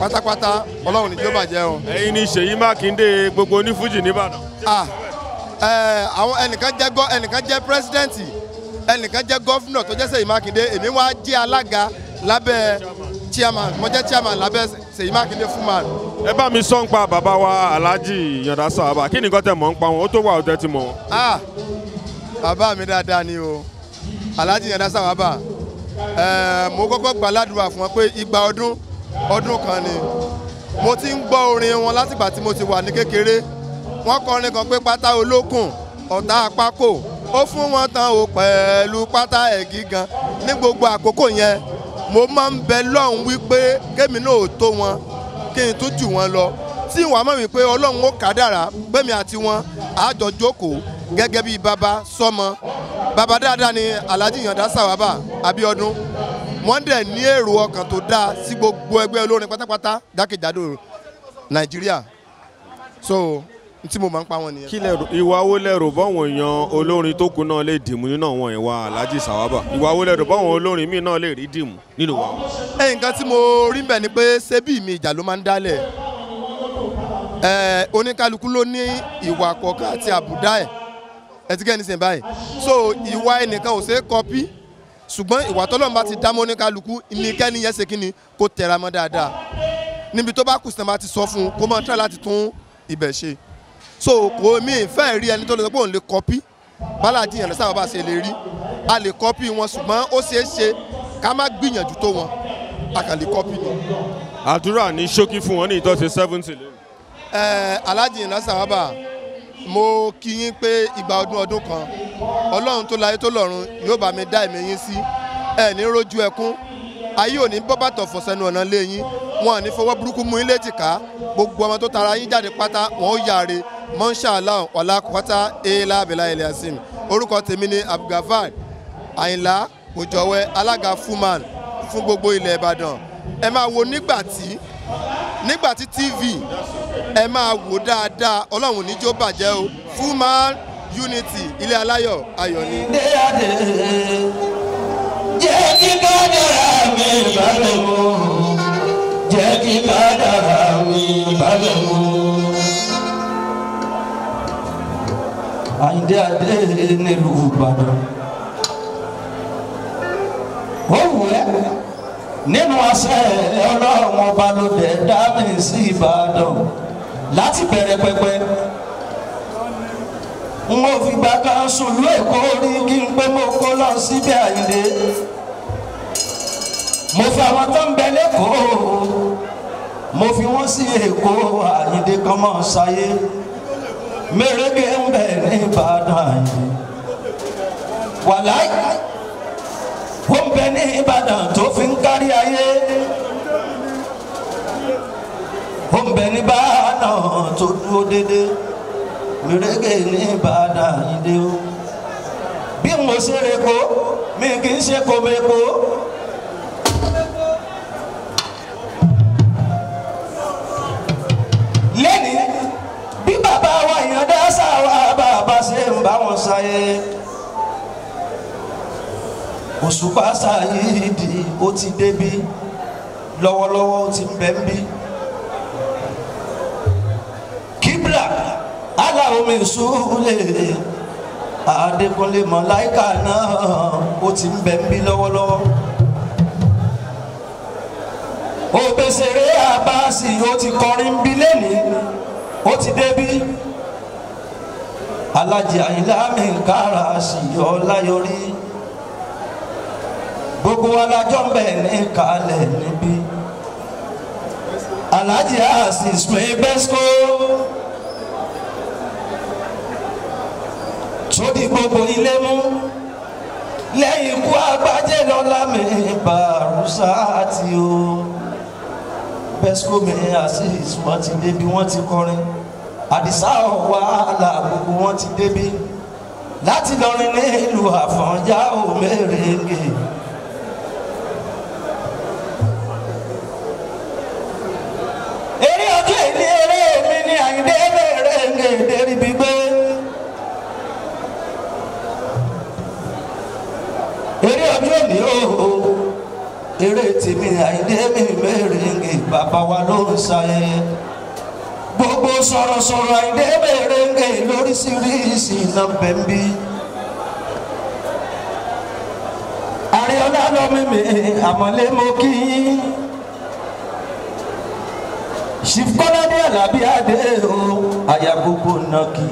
pátápátá ọlọ́run ní tí ó bàjẹ́ o. ẹ̀yin ni Ṣèyí Mákindé gbogbo onífújì nìbàdàn. àwọn ẹnìkan jẹ́ gọ́ ẹnìkan jẹ́ pírẹ́sidẹ́ǹtì ẹnìkan jẹ́ gọ́fúnà tó jẹ́ Ṣèyí Mákindé èmi wá jẹ́ alága lábẹ́ chairman mo jẹ́ chairman lábẹ́ Ṣèyí Mákindé fún ẹ bá mi sọ ń pa bàbá wa Alhaji Yọ̀ǹda Sawaba kí nìkan tẹ̀ mọ́ ń pa wọn ó tó wà ó tẹ́ ti mọ́. bàbá mi dáadáa ni o Alhaji Yọ̀ǹda Sawaba mo kọ́kọ́ gbàládùra fún ọdún kan ni mo ti ń gbọ́ orin wọn látìgbà tí mo ti wà ní kékeré wọ́n kọrin kan pé pátá olókùn ọ̀tá apákò ó fún wọn tán o pẹ̀lú pátá ẹ̀gí gan ní gbogbo àkókò yẹn mo máa ń bẹ lọ́hùn wípé kémi náà ò tó wọn kí n tún jù wọn lọ tí wàá mọ̀ wípé ọlọ́run ó kádàrá gbẹ̀mí àti wọn a jókòó gẹ́gẹ́ bíi baba sọ́mọ baba dáadáa ni alhaji yanda sawaba abiodun wọ́n dẹ̀ ní èrò ọkàn tó dáa sí gbogbo ẹgbẹ́ olórin pátápátá jákèjádò nàìjíríà so n tí mo máa ń pa wọn nìyẹn. kí lẹ́rù ìwà wo lẹ́rù báwọn èèyàn olórin tó kù náà lè dìmú nínú àwọn ìwà Alhaji Sawaba ìwà wo lẹ́rù báwọn olórin míì náà lè rí dìmú nínú wa. ẹ nǹkan tí mo rí bẹ̀ ni pé ṣébí mi ìjà ló máa ń dálẹ̀ ẹ oníkálukú ló ní ìwà kọ̀ọ̀kan àti àbùdá ẹ̀ ẹ̀ tí kẹ́ni sìn báyìí so ìwà ẹnìkan ò ṣeé kọpí ṣùgbọ́n ìwà tọ́lọ́run bá ti dá mọ́ ní kálukú nìkẹ́ni yẹn ṣe kíni kó tẹra mọ́ dáadáa níbi tó bá kù sinamá ti sọ fún un kó mọ́ tẹ́ láti tún ibẹ̀ ṣe so kò mí fẹ́ rí ẹni tó lè sọ pé òun lè kọ́pí bálàdì yẹn lọ́sàn-án bá ṣe lè rí a lè kọ́pí wọn ṣùgbọ́n ó ṣeé ṣe ká má gbìyànjú tó wọn a kàn lè kọ́pí ni. àdúrà ní ṣókí fún wọn ní ìtọ́sí seventy lẹ́nu. ẹ alájìyàn lọ́sàn bá mo kí yín pé ìgbà ọdún ọdún kan ọlọ́run tó láyé tó lọ́run yóò bá mi dá ẹ̀mí yín sí ẹ̀ ní rojú ẹkún ayé òní bọ́bàtọ̀ fọ̀sẹ́nu ọ̀nà lé yín wọn ní fọwọ́ burúkú mú yín létí ká gbogbo ọmọ tó tara yín jáde pátá wọn ó yáre mọ́ṣáláà ọ̀la kọ́tà éèlà abẹ́là eliasim orúkọ tèmi ni abdulgafar àyìnlá òjọ̀wẹ́ alága fuman fún gbogbo ilẹ̀ ìbàdàn ẹ máa wo nígbà tí nígbà tí tv ẹ máa wò dáadáa ọlọ́run níjó bàjẹ́ o Fullman Unity ilé aláyọ̀ ayọ̀ ni. jẹ́ kí kádàrá mi balẹ̀ mọ́ jẹ́ kí kádàrá mi balẹ̀ mọ́. àyíndé adé nílùú Ìbàdàn. nínú àṣẹ ọlọ́run ọba ló dẹ̀ dá mi sí ìbàdàn láti bẹ̀rẹ̀ pẹpẹ n ò fìgbà kan sùn ló èkó rí kí n pé mo kó lọ síbi àyìnlé mo fi àwọn tó ń bẹ lẹ́kọ̀ọ́ mo fi wọ́n sí èkó àyìnlé kan ṣayé mérégé ń bẹ ní ìbàdàn àyìnlé wàláì ó ń bẹ ní ìbàdàn tó fi ń ká. ó ń bẹ ní Ìbàdàn tó dúró dédé mèrèké ní Ìbàdàn ìdè o bí mo ṣe rè kó mi kì í ṣe kòmèkó. lẹ́ni bí bàbá wa ìyàndá sáwà bàbá ṣe ń bá wọn ṣayé Òṣùpá di ó ti débí lọ́wọ́lọ́wọ́ ó ti ń bí. Ala aláomi súlẹ̀ Adékúnlé mọ̀láìkà náà ó ti ń bẹ̀ ń bí lọ́wọ́lọ́wọ́ òbèsèré àbáàsì ó ti kọrin bí lẹ́nìí ó ti débí alájì àyìnlá mi ń kára sí ọláyọrí gbogbo alájọ ń bẹ̀ ní kalẹ̀ níbí alájì àsìsùn ẹgbẹ́ tó di gbogbo ilé mú lẹ́yìn ikú agbájẹ́ lọ́la mi bàrúsà àti o bẹ́sikó mi àti ìsúná ti débi wọ́n ti kọrin àdìsá ọ̀wá àlà gbogbo wọ́n ti débi láti lọrin nílùú àfọ̀njá òmèrèǹgè. eré ọjọ́ ìní eré mi ni àyíndé mèrèǹgè dérí gbígbé. lójú mi o eré tèmi àìdé mi mèrèǹgè bàbá wa ló ń sayẹyẹ gbogbo sọ̀rọ̀sọ̀rọ̀ àìdé mèrèǹgè lóríṣiríṣi iná bẹ̀m̀bí. Ariola lọ mímì àmọ́lé mo kí yín ṣìfọ́ládé àlàbí adé o àyà gbogbo nàkì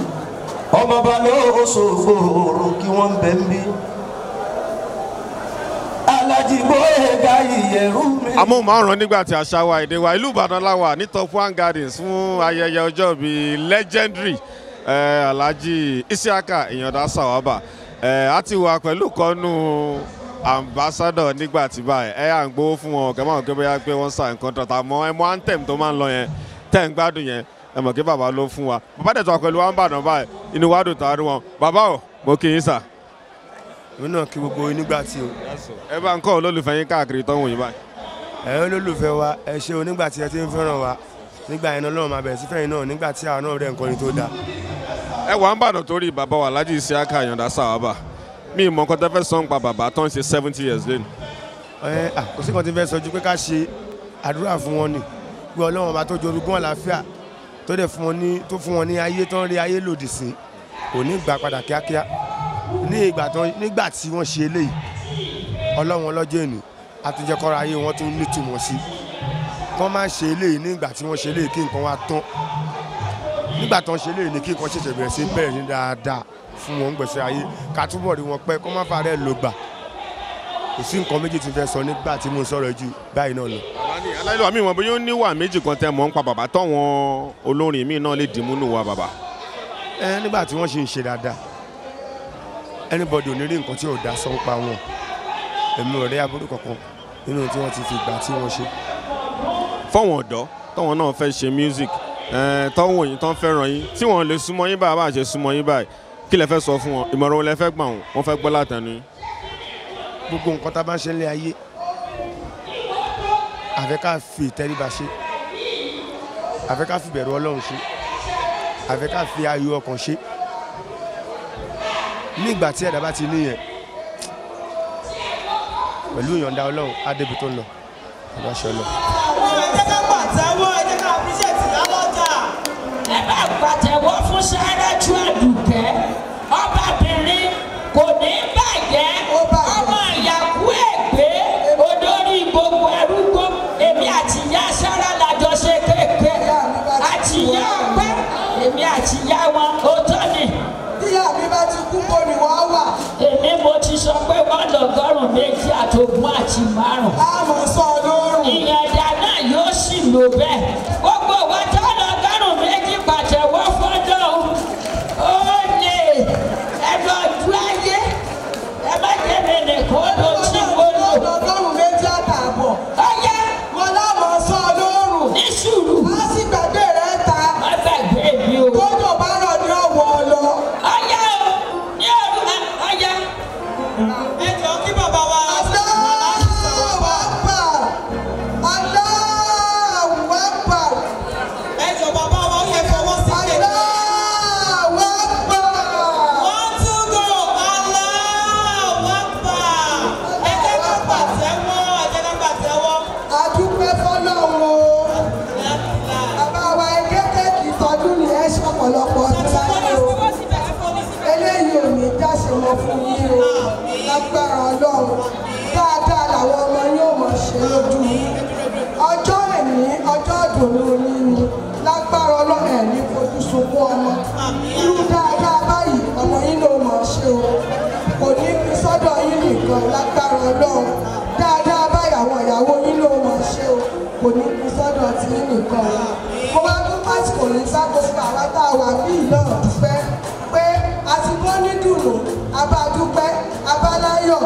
ọmọ balẹ̀ oṣù fòrò kí wọ́n bẹ̀ alájí bóyá ga ìyẹ̀wò mi. amóhùnmáwòrán nígbà tí àṣà wa èdè wa ìlú ìbàdàn la ní top one gardens fún ayẹyẹ ọjọ́ bíi legendary alájí isiaka ìyàndá sàwábà a ti wà pẹ̀lú kọ́nù ambassador nígbà tí báyìí ẹ à ń gbowó fún wọn ọ̀kẹ́ máa ń gbé pé wọ́n sign contract àmọ́ ẹ mọ anthem tó máa ń lọ yẹn tẹ̀ ń gbádùn yẹn ẹ mọ̀ kí bàbá ló fún wa bàbá dẹ̀ tó wà pẹ̀lú wa báyìí inú wa dùn tá wọn bàbá o mo kì í sà èmi náà kí gbogbo onígbà tí o. ẹ bá ń kọ́ olólùfẹ́ yín káàkiri tọ́hún yìí báyìí. ẹ̀yin olólùfẹ́ wa ẹ ṣe onígbà tí ẹ ti ń fẹ́ràn wa nígbà yẹn náà lọ́run máa bẹ̀rẹ̀ sí fẹ́yìn náà nígbà tí àwọn náà rẹ̀ nǹkan ni tó dáa. ẹ wà ń bàdàn torí bàbá wa Alhaji Isiaka Ayọ̀ǹda Sawaba mi ìmọ̀ nǹkan tẹ́ fẹ́ sọ nípa bàbá tó ń ṣe seventy years lẹ́nu. ẹ kò sí kan tí fẹ́ sọ ju pé ká ṣe àdúrà fún wọn ni pé ọlọ́run ọba tó jorúgbọ́n àlàáfíà tó dẹ̀ fún wọn ní ayé tó ń rí ayé lòdì sí òní gbà padà kíákíá ní ìgbà tó nígbà tí wọ́n ṣe eléyìí ọlọ́run ọlọ́jọ́ ènù àtúnjẹkọ́ra ayé wọn tún nítumọ̀ sí kọ́ máa ṣe eléyìí nígbà tí wọ́n ṣe eléyìí kí nǹkan wá tán nígbà tó ń ṣe eléyìí ni kí nǹkan ṣẹ̀ṣẹ̀ bẹ̀rẹ̀ sí bẹ̀rẹ̀ ní dáadáa fún wọn gbèsè ayé ká túbọ̀ rí wọn pẹ́ kó má fàárẹ̀ lò gbà kò sí nǹkan méjì tí n fẹ́ sọ nígbà tí mo sọ̀rọ̀ ju báyìí náà lọ. aláìlú àmì ìwọ̀n bóyá ó níwà méjì kan tẹ́ mọ̀ ń pa bàbá tọ́wọn olórin míì náà lè dìímú nù wá bàbá. ẹ nígbà tí wọ́n ṣe ń ṣe dáadáa anybody ò ní rí nǹkan tí ò dá sọ́npa wọn èmi ò rí aburú kankan nínú tí wọ́n ti fi gbà tí wọ́n ṣe. fọ́wọ́n ọ̀dọ́ tọ́wọ́n náà fẹ́ ṣe music eh, tọ́wọ́n yìí tán fẹ́ràn yín tí wọ́n lè súnmọ́ yín báyìí àbáṣe súnmọ́ yín báyìí kí lẹ fẹ́ sọ fún wọn ìmọ̀ràn wo lẹ fẹ́ gbà wọn wọ́n fẹ́ gbọ́ látẹnu. gbogbo nǹkan tá a bá ń ṣe lé ayé àfẹ́ ká fi ìtẹríba ṣe àfẹ́ ká fi bẹ̀rù Ọlọ́run ṣe àfẹ́ ká fi ayọ̀ ọkàn ṣe nígbà tí ẹ̀dá bá ti ní yẹn pẹ̀lú ìyọ̀ǹda ọlọ́run adébí tó ń lọ ọ̀dọ̀ aṣọ lọ. pàtẹ́wọ́ ẹni ká fi ṣe ìtìlá lọ́jà. ẹ bá pàtẹ́wọ́ fún Ṣẹ́rẹ́jú Àdùkẹ́ ọbabìnrin kò ní bàjẹ́ ọmọ ìyàkú ẹ̀gbẹ́ olórí gbogbo arúgbó èmi àti ìyá sára làjọṣe kéèké àti ìyá ọpẹ́ èmi àti ìyá wọn. lọ́gọ́rùn-ún méjì àtogún àti márùn. a mọ̀ sọ lóòrùn. ìyànjá náà yóò sì lò bẹ́ẹ̀. gbogbo wa tó lọ́gọ́rùn-ún méjì pàtẹ́wọ́ fọ́dọ̀ ó lè ẹ lọ ju ayé ẹ má jẹ́ mẹ́rin kó nìkan mo wá tó pásítọ̀ ní sábòkà látà wà bí náà dúpẹ́ pé àsìkò nídùnnú abádúpẹ́ abáláyọ̀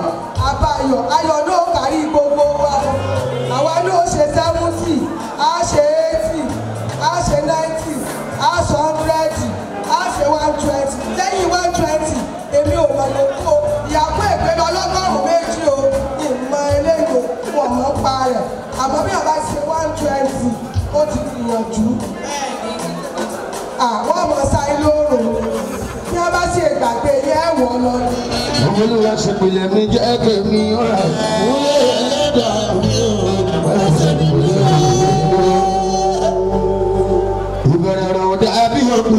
abáyọ̀ ayọ̀ náà. ìgbìyànjú àwọn ọmọ sáré lóòrò tí wọ́n bá sì gbàgbé ilé ẹ̀wọ̀ lọ ni. olùwà ṣèpìlẹ̀ mi jẹ́ kèmí ọ̀rà ìwúlẹ̀ ẹ̀dá mi ò bẹ̀rẹ̀ ṣèpìlẹ̀ mi. ìbẹ̀rẹ̀ rẹ̀ ò dàbí òkú.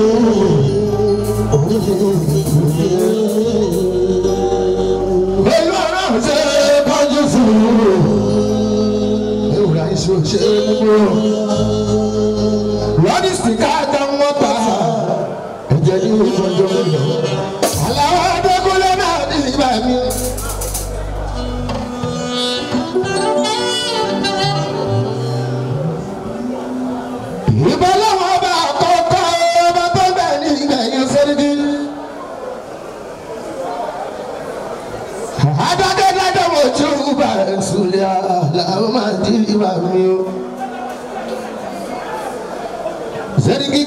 Pẹ̀lú ọ̀rọ̀ ṣe kọjú sùúrù, ewúrẹ́ àìsàn ṣe é mú.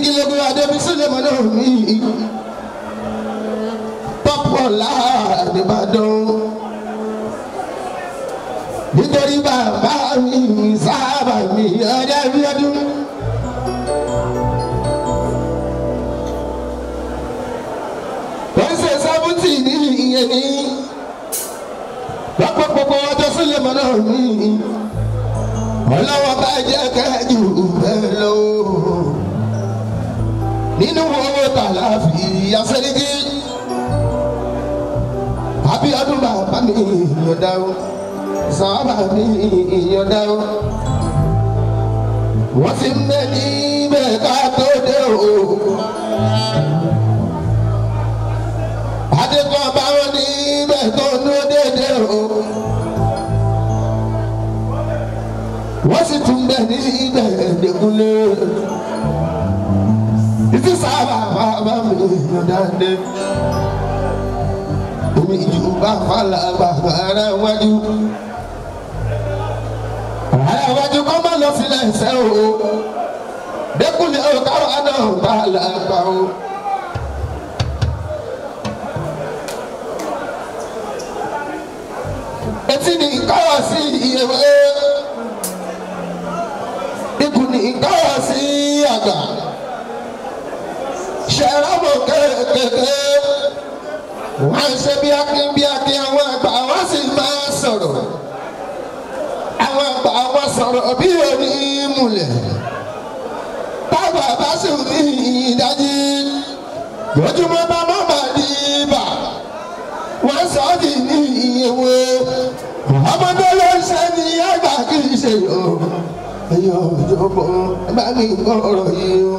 igi lógún adébísí lè mọ́ lórí. yọ̀dá o sàábà mi ìyọ̀dá o wọ́n ti ń bẹ níbẹ̀ ká tó dé o. adékọ̀ bá wọn níbẹ̀ tó dúró déédéé o. wọ́n sì tún bẹ̀ ní ibẹ̀ ẹ̀ẹ́dẹ́kúnlé. títí sábà bá bá mi ìyọ̀dá dé méjì bá fàlà bàbá ara wájú. ara wájú kọ́ máa lọ sílẹ̀ ṣẹ́ o dẹ́kunlé o káwọn adáhùn bá làbà o. etí ni ìkáwà sí iye wẹ́ẹ́ ikú ni ìkáwà sí àgbà ṣẹ̀rámọ̀ kẹ̀kẹ́ ń ṣe bí akin bí akin àwọn àgbà wá sì máa sọ̀rọ̀ àwọn àgbà wá sọ̀rọ̀ bí òní múlẹ̀ táwọn àbá sì ní ìdájí lójúmọ́ bá má má di ibà wọ́n sọ ọ́ di ní ìyẹ̀wò ọmọdé ló ń ṣe ní àgbà kì í ṣe yòó ẹ̀yọ́ ìjọba bá mi gbọ́ ọ̀rọ̀ yìí o.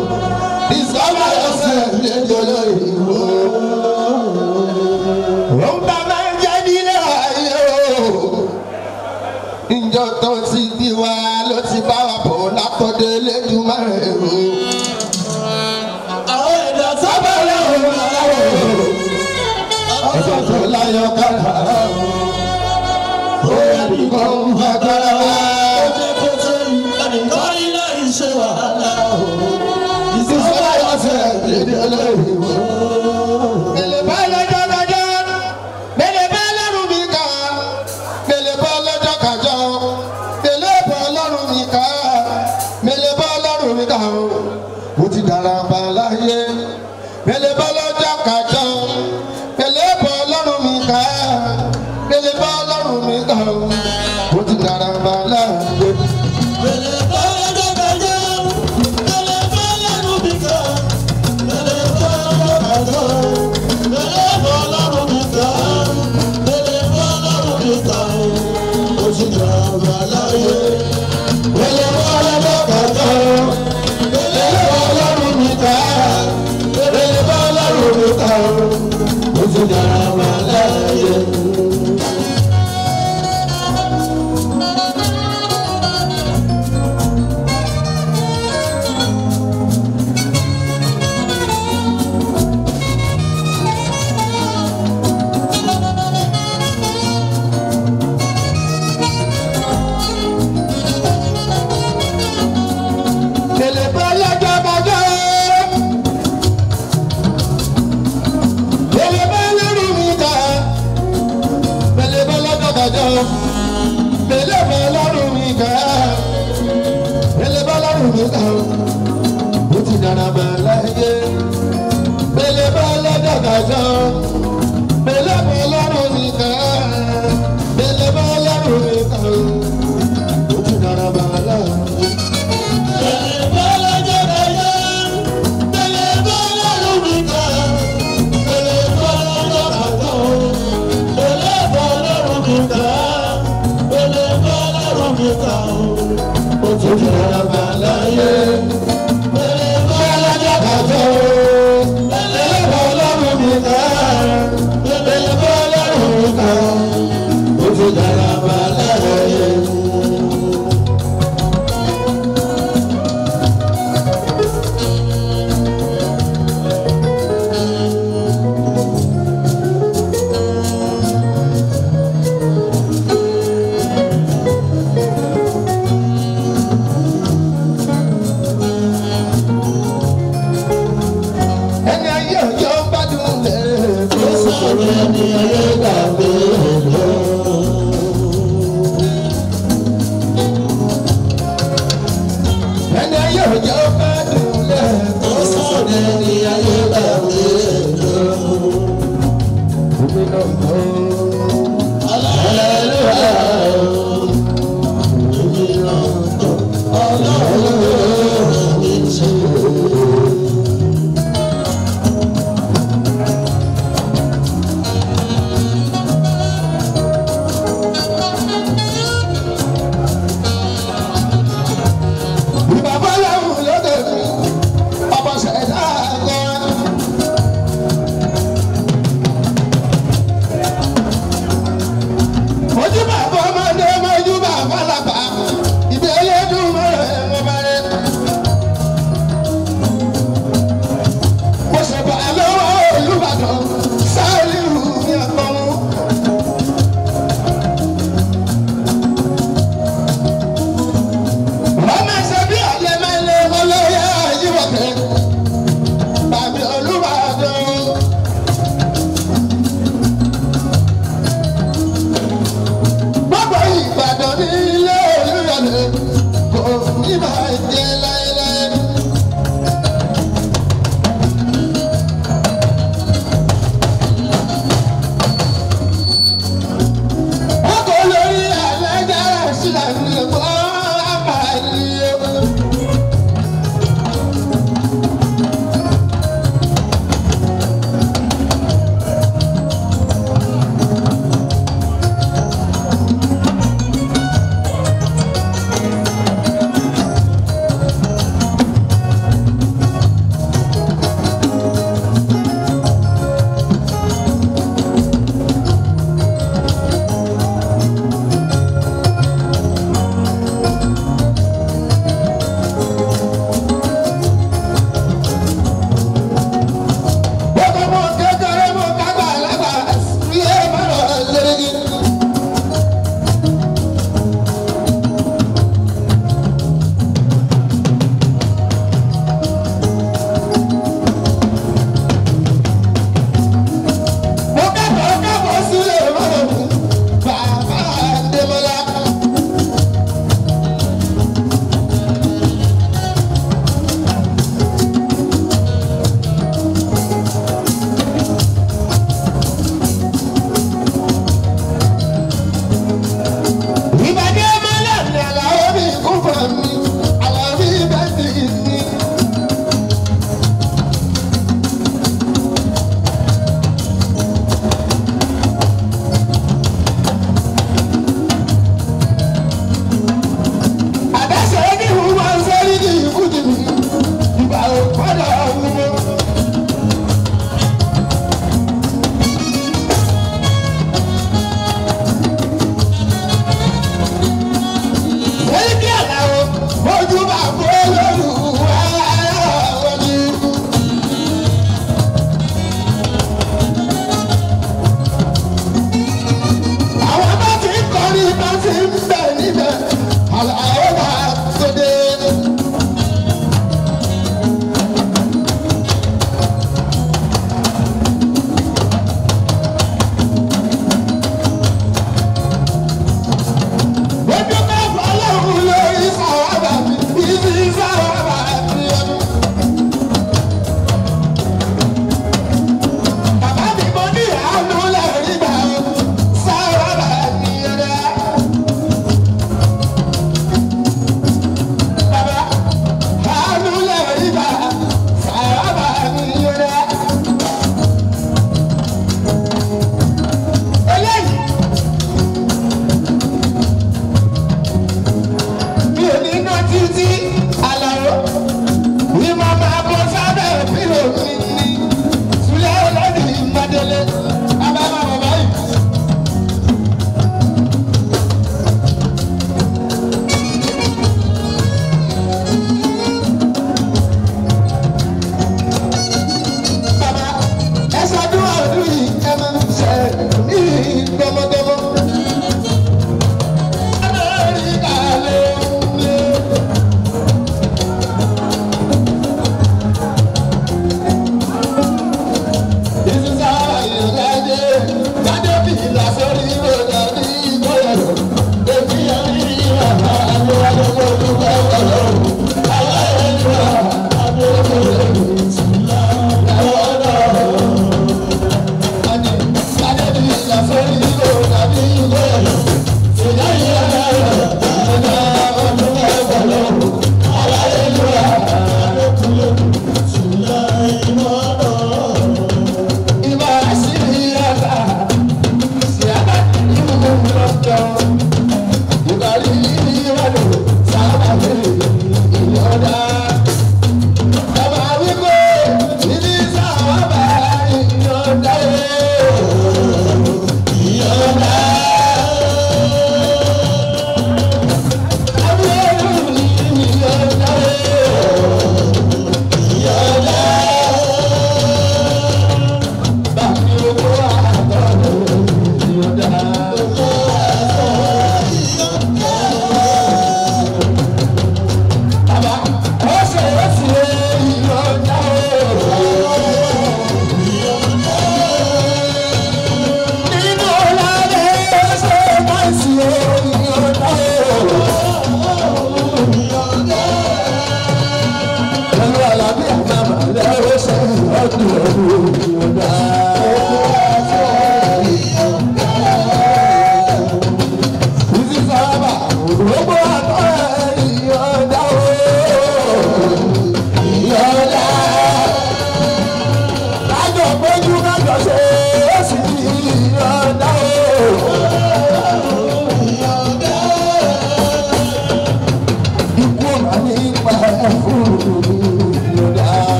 don't, don't see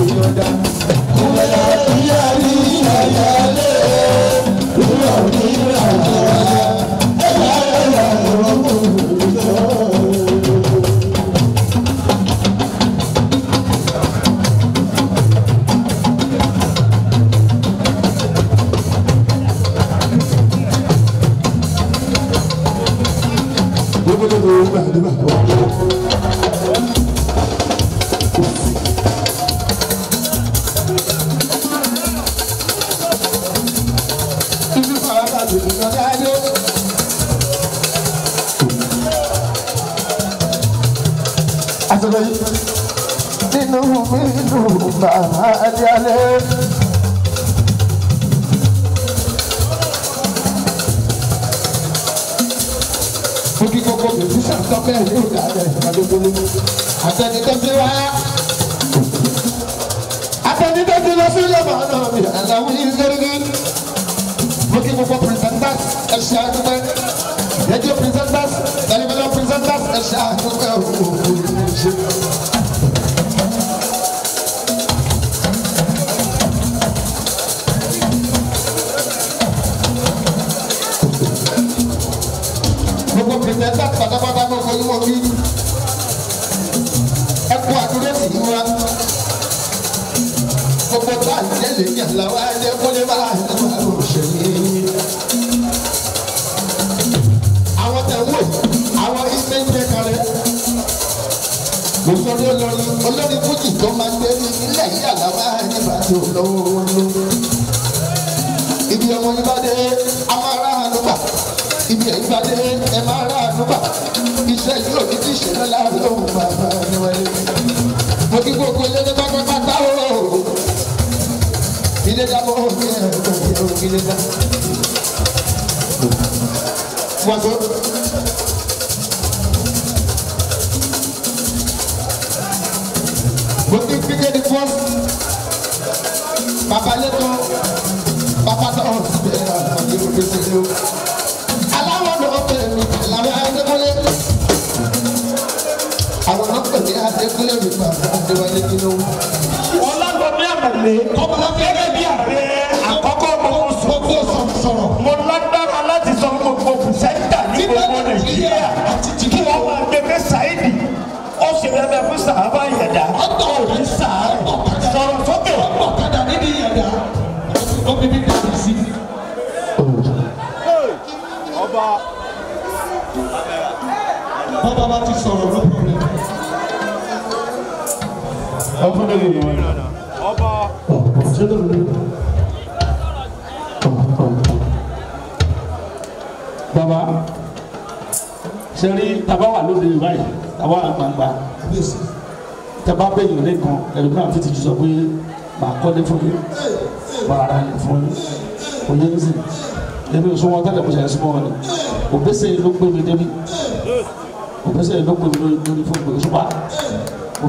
ló yọ̀ǹda.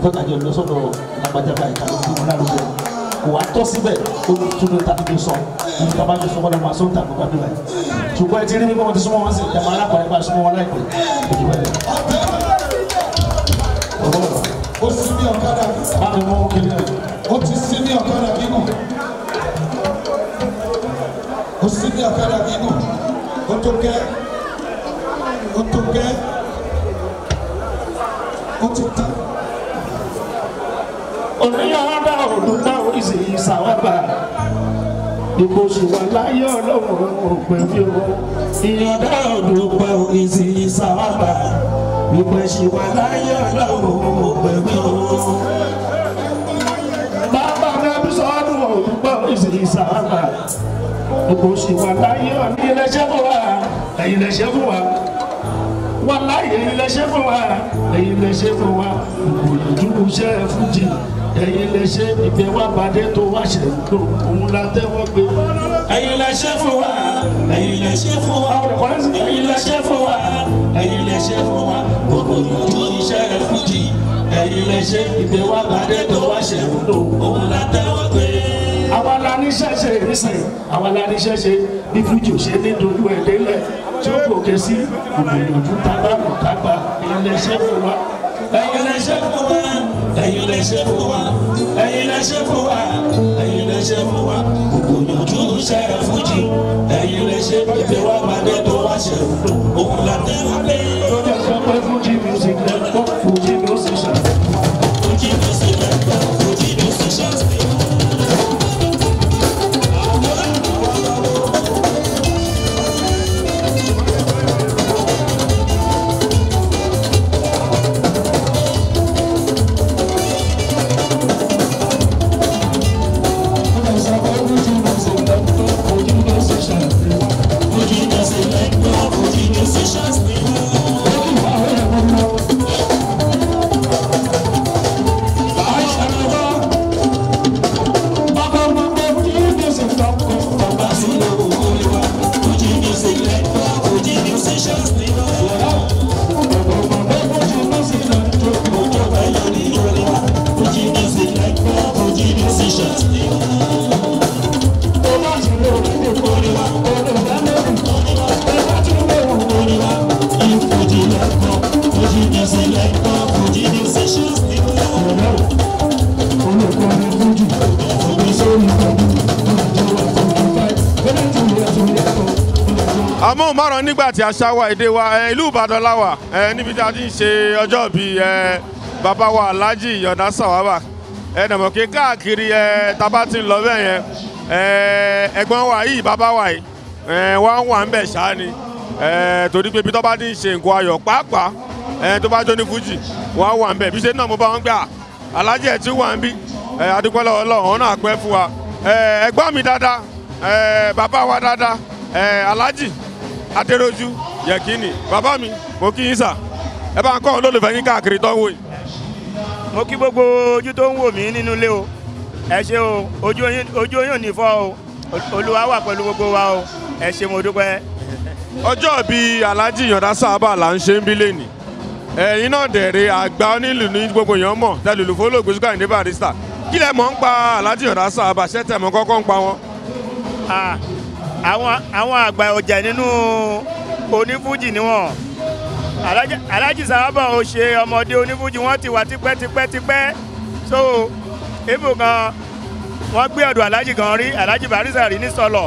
fẹ́ kájọ lọ sọ́dọ̀ lágbájá báyìí kájọ fún wọn lálùjẹ kò wá tọ́ síbẹ̀ ó ní túnú tàbí tó sọ ní ká bá jọ fún wọn máa sọ tàbí ká bíbẹ̀ ṣùgbọ́n ẹ ti rí bí wọ́n ti súnmọ́ wọn sí ẹ̀ máa lápá ẹ̀ máa súnmọ́ wọn láìpẹ́ ojú bẹ́ẹ̀. ó sì ní ọ̀kadà bá mi mọ́ kiri rẹ̀ ó ti sí ní ọ̀kadà gígùn ó sì ní ọ̀kadà gígùn ó tó kẹ́ ó tó kẹ́ ó ti tán oríyànda òdùnà oríṣi ìsàwábà ìbò ṣùgbọ́n láyé ọlọ́run òpèmí o ìyànda òdùnà oríṣi ìsàwábà ìbò ṣùgbọ́n láyé ọlọ́run òpèmí o. bàbá rẹ bí sọ́ọ́dún òdùnà oríṣi ìsàwábà ìbò ṣùgbọ́n láyé ọlọ́run ìlẹ̀ṣẹ̀ fún wa ìlẹ̀ṣẹ̀ fún wa wàláyé ìlẹ̀ṣẹ̀ fún wa ìlẹ̀ṣẹ̀ fún wa ìbò ìdúró iṣẹ́ fújì ẹ̀yin lè ṣe ìgbẹ́ wa bàdé tó wá ṣe lò òun la tẹ́wọ́ gbé. ẹ̀yin lè ṣe fún wa ẹ̀yin lè ṣe fún wa ẹ̀yin lè ṣe fún wa ẹ̀yin lè ṣe fún wa gbogbo ìlú iṣẹ́ rẹ̀ fújì ẹ̀yin lè ṣe ìgbẹ́ wá bàdé tó wá ṣe lò òun la tẹ́wọ́ gbé. àwa la ní ṣẹ̀ṣẹ̀ ìrísìn àwa la ní ṣẹ̀ṣẹ̀ bí fújì ò ṣe ní dojú ẹ̀ délẹ̀ tí ó gòkè sí òbí ìlú tábà kò tábà ẹ̀yin lè ṣe aí Ele é Jeová, Ele é Jeová. o dúró sára fújì, ẹ̀yin lè ṣe pẹ̀pẹ̀ wá máa dé tó wá ṣe. Òun làtẹ́ wá lé. Ó jẹ́ sọ pé fújì será náà. àṣà wa èdè wa ìlú ìbàdàn la níbi tí a ti ń ṣe ọjọ́ ìbí bàbá wa alhaji ìyọ̀dá sàwábà ẹnàmọ̀kẹ́ káàkiri tábà ti ń lọ bẹ́ẹ̀ yẹn ẹ̀gbọ́n wa yìí bàbá wa yìí wọ́n wà ń bẹ̀ ni torí pé ibi tó bá ti ń ṣe nǹkan ayọ̀ pàápàá tó bá jó ní fújì mo bá wọn gbà alhaji ẹ̀ adéròjú yẹ̀kínì bàbá mi mo kí yín sà ẹ bá ń kọ́ olólùfẹ́ yín káàkiri tó ń wò yìí. mo kí gbogbo ojú tó ń wò mí nínú ilé o ẹ ṣe o ojú oyún ní fọ́ o olúwa wà pẹ̀lú gbogbo wa o ẹ ṣe mo dúpẹ́. ọjọ́ bíi alhaji yọ̀dá sábà là ń ṣe ń bí lẹ́nìí ẹ̀yin náà dẹ̀rẹ̀ àgbà onílù ní gbogbo èèyàn mọ̀ tẹlifù fọlọ́gbé Ṣúgà Àyìndé Barrister kí lẹ mọ̀ ń pa alhaji yọ̀dá sábà ṣẹ́tẹ̀ mọ́ kọ́kọ́ ń pa wọn àwọn àwọn àgbà ọjà nínú onífújì ni wọ́n alájì sábà ò ṣe ọmọdé onífújì wọ́n ti wà tipẹ́tipẹ́tipẹ́ so ibo gan wọ́n gbé ọ̀dọ̀ alájì gan rí alájì barisa rí ní sọlọ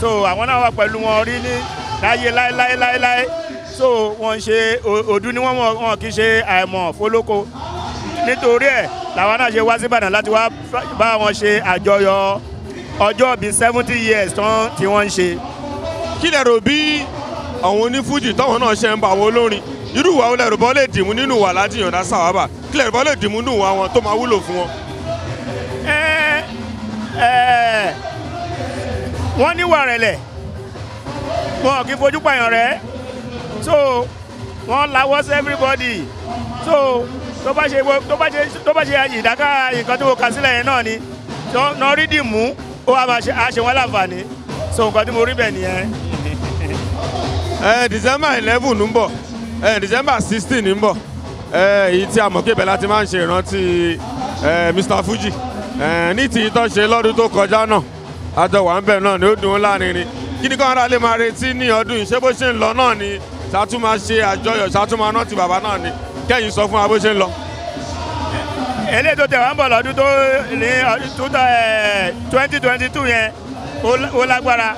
so àwọn náà wà pẹ̀lú wọn rí ní láyé láéláéláé so wọ́n ń ṣe ọdún ni wọ́n wọ́n kì í ṣe àìmọ̀ fólóko nítorí ẹ̀ làwọn náà ṣe wá sí Ìbàdàn láti wá bá wọn ṣe àjọyọ̀ ọjọ́ bíi seventy years tán tí wọ́n ń ṣe. kí lè rò bí àwọn onífújì táwọn náà ṣe ń bá àwọn olórin irú ìwà olè rò bọ́ lè dìmú nínú ìwà láti yọ̀ǹda sàwábà kí lè rò bọ́ lè dìmú nínú ìwà wọn tó máa wúlò fún wọn. ẹ ẹ wọ́n níwà rẹ̀lẹ̀ wọn kì í fojú pààyàn rẹ̀ so wọ́n lawọ́ sí everybody so tó bá ṣe tó bá ṣe ìdáká nǹkan tó kà sílẹ̀ yẹn náà ni náà rí dìmú ó wá máa ṣe àṣẹ wọn láǹfààní so nǹkan tí mo rí bẹ̀ nìyẹn. Eh, december eleven ń bọ̀ eh, december sixteen ń bọ̀ eh, èyí tí a mọ̀ pé láti máa ń ṣe ìrántí mr fuji ní ti ìtọ́ ṣe lọ́dún tó kọjá náà àjọwà ń bẹ̀ náà ni ó dùn ún lárinrin kí ni káwọn aráàlú máa retí ní ọdún yìí ṣé bó ṣe ń lọ náà ni ṣàtúmọ̀ ṣe àjọyọ̀ ṣàtúmọ̀ rántí bàbá náà ni kẹ́yìn sọ fún wa bó ṣe ń lọ eléyìí tó tẹ̀ wá ń bọ̀ lọ́dún tó ní twenty twenty two yẹn ó lágbára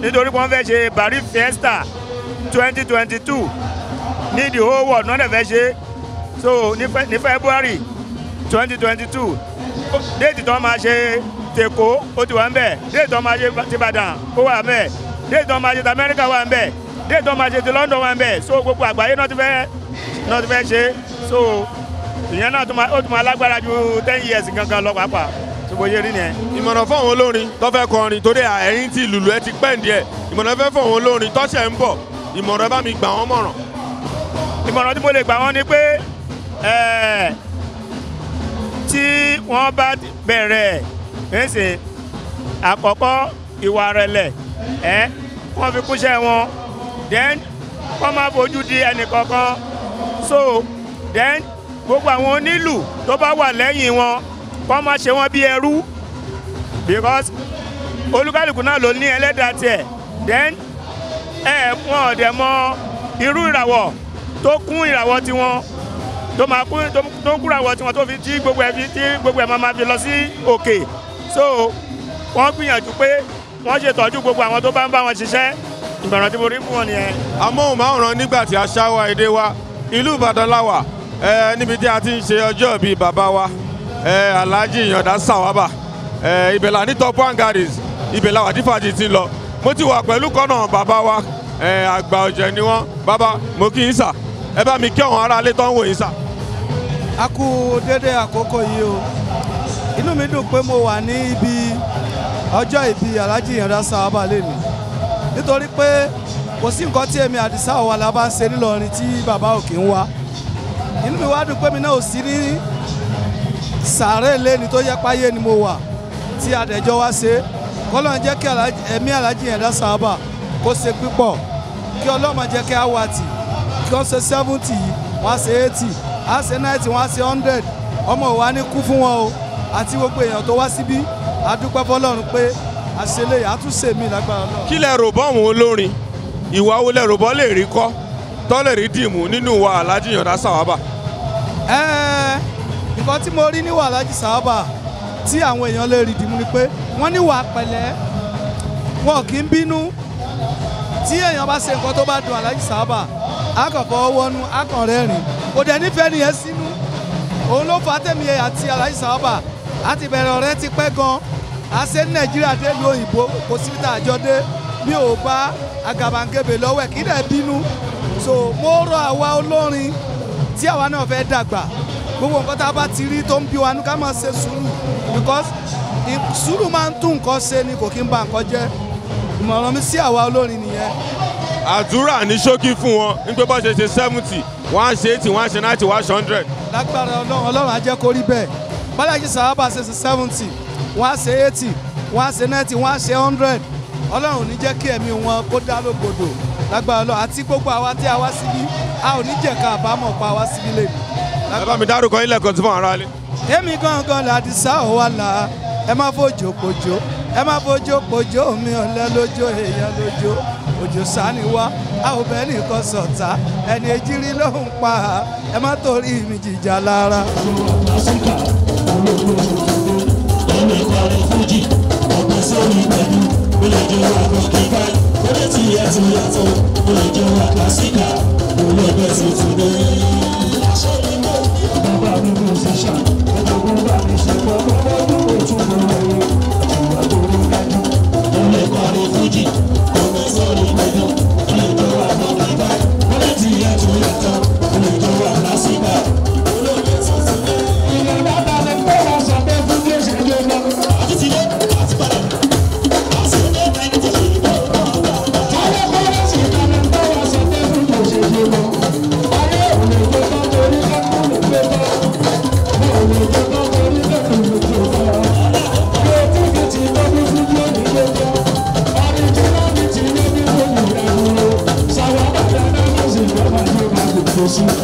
nítorí wọ́n fẹ́ ṣe Barry Fiesta twenty twenty two ní the whole world wọ́n dẹ̀ fẹ́ ṣe so ní February twenty twenty two déètì tó máa ṣe tèkó ó ti wà ń bẹ̀ déètì tó máa ṣe tìbàdàn ó wà ń bẹ̀ déètì tó máa ṣe ti Amẹ́ríkà wà ń bẹ̀ déètì tó máa ṣe ti London wà ń bẹ̀ so gbogbo àgbáyé náà ti fẹ́ náà ti fẹ́ ṣe so ìyẹn náà ó tún máa lágbára ju ten years gangan lọ pàápàá ṣùgbọ́n yé rí nìyẹn. ìmọ̀ràn fún àwọn olórin tó fẹ́ kọrin torí ẹ̀yìn tí lùlù ẹ ti pẹ́ ǹdíẹ̀ ìmọ̀ràn fẹ́ fún àwọn olórin tó ṣẹ̀ ń bọ̀ ìmọ̀ràn bá mi gbà wọ́n mọ̀ràn. ìmọ̀ràn tí mo lè gbà wọ́n ni pé tí wọ́n bá bẹ̀rẹ̀ ẹ̀sìn àkọ́kọ́ ìwà rẹ̀lẹ̀ ẹ̀ wọ́n fi kúṣẹ́ wọn then wọ́n máa fojú di ẹnìkọ̀ọ̀kan so then gbogbo àwọn onílù tó bá wà lẹ́yìn wọn kó má ṣe wọ́n bí ẹrú because olúkálùkù náà ló ní ẹlẹ́dàá tiẹ̀ then ẹ wọn ọ̀dẹ̀ mọ irú ìràwọ̀ tó kún ìràwọ̀ tiwọn tó máa kún tó kún ìràwọ̀ tiwọn tó fi tí gbogbo ẹ̀ fi tí gbogbo ẹ̀ máa fi lọ sí òkè so wọ́n gbìyànjú pé wọ́n ṣètọ́jú gbogbo àwọn tó bá ń bá wọn ṣiṣẹ́ ìbẹ̀rẹ̀ tí fún wọn nìyẹn. amóhùnmáwòrán nígbà tí a èdè wa ìlú ìbàdàn la níbi tí a ti ń ṣe ọjọ́ bíi bàbá wa Alhaji Ìyàndá Sàwábà ibẹ̀ là ní Top One Gardens ibẹ̀ là wà tí fàájì ti lọ mo ti wà pẹ̀lú kọ́nà bàbá wa àgbà ọ̀jẹ̀ ni wọ́n bàbá mo kí yín sà ẹ bá mi kí àwọn aráalé tó ń wò yín sà. a kú déédéé àkókò yìí o inú mi dùn pé mo wà ní ibi ọjọ́ ìbí Alhaji Ìyàndá Sàwábà lẹ́nu nítorí pé kò sí nǹkan tí èmi àdìsá ọ̀wàlà bá ń ṣe nílọrin tí bàbá òkè ń wá inú mi wá dùn pé mi náà ò sí ní sàárè lẹ́ni tó yẹ páyé ni mo wà tí adẹ̀jọ́ wá ṣe kọ́lọ́n jẹ́ kí ẹ̀mí alájí yẹn dá sábà kó ṣe pípọ̀ kí ọlọ́mọ jẹ́ kí á wà tì kí wọ́n ṣe seventy yìí wọ́n á ṣe eighty á ṣe ninety wọ́n á ṣe hundred ọmọ wa ní kú fún wọn o àti gbogbo èèyàn tó wá síbí adúpẹ́ fọlọ́run pé àṣẹlẹ̀ àtúnṣe mi lágbára náà. kí lẹ rò bọ́ọ̀mù olórin ìwà wo lẹ rò bọ́ rí kọ́ tọ́ rí dìmú nínú wa alájí yọ̀dá sàwábà. Eh, nǹkan tí mo rí níwà Alhaji Sawaba tí àwọn èèyàn lè rí dìmú ni pé wọ́n níwà pẹ̀lẹ́ wọn kì í bínú tí èèyàn bá ṣe nǹkan tó bá dùn Alhaji Sawaba akọ̀kọ̀ wọnú akọ̀rẹ́rìn kò dẹ̀ nífẹ̀ẹ́ nìyẹn sínú òun ló fa tèmi àti Alhaji Sawaba àti bẹ̀rẹ̀ ọ̀rẹ́ ti pẹ́ gan a ṣe ní Nàìjíríà dé lu òyìnbó kò sí níta àjọ dé mi ò bá àgàbàǹgebè lọ́wọ́ ẹ̀ kí dẹ̀ bínú so mo rọ àwa olórin tí àwa náà fẹ́ dàgbà gbogbo nǹkan tá a bá ti rí tó ń bí wa ní ká máa ṣe sùúrù because sùúrù máa ń tún nǹkan ṣe ni kò kí ń ba nǹkan jẹ́ ìmọ̀ràn mi sí àwa olórin nìyẹn. àdúrà ní ṣókí fún wọn ní pé bó ṣe ṣe seventy one ṣe eighty one ṣe ninety one hundred. lágbára ọlọ́run ọlọ́run á jẹ́ kó rí bẹ́ẹ̀ bọ́lájí sàábà ṣe ṣe seventy one ṣe eighty one ṣe ninety one ṣe hundred ọlọ́run ò ní jẹ́ kí ẹ̀mí wọn kó dá lógbòdò lágbára ọlọ́run àti gbogbo àwa tí a wá síbí a ò ní jẹ̀ka àbámọ̀ pa wá síbí lè mí. ẹ ala. mi dárúkọ ilé ẹ̀kọ́ tí fún ara èmi gangan wà là ẹ má fojò pojò ẹ má fojò pojò mi lójó èèyàn lójó òjò a ò nìkan sọ̀tà ẹni ejiri ló pa ẹ má torí mi jìjà lára. ọmọ fújì eré ti yẹ ti yàtọ̀ to lè jẹ́ wá kásíkà ó lè bẹ́ sí ti dé. bàbá mi kò ṣe ṣà ẹ̀dọ̀gbọ́n bá mi ṣe pọ̀ bàbá mi kò tún bọ̀ wáyé ìwà tó rí dájú. ó lè kọrin fújì ó lè sọ̀rọ̀ ìgbẹ́. Jesus.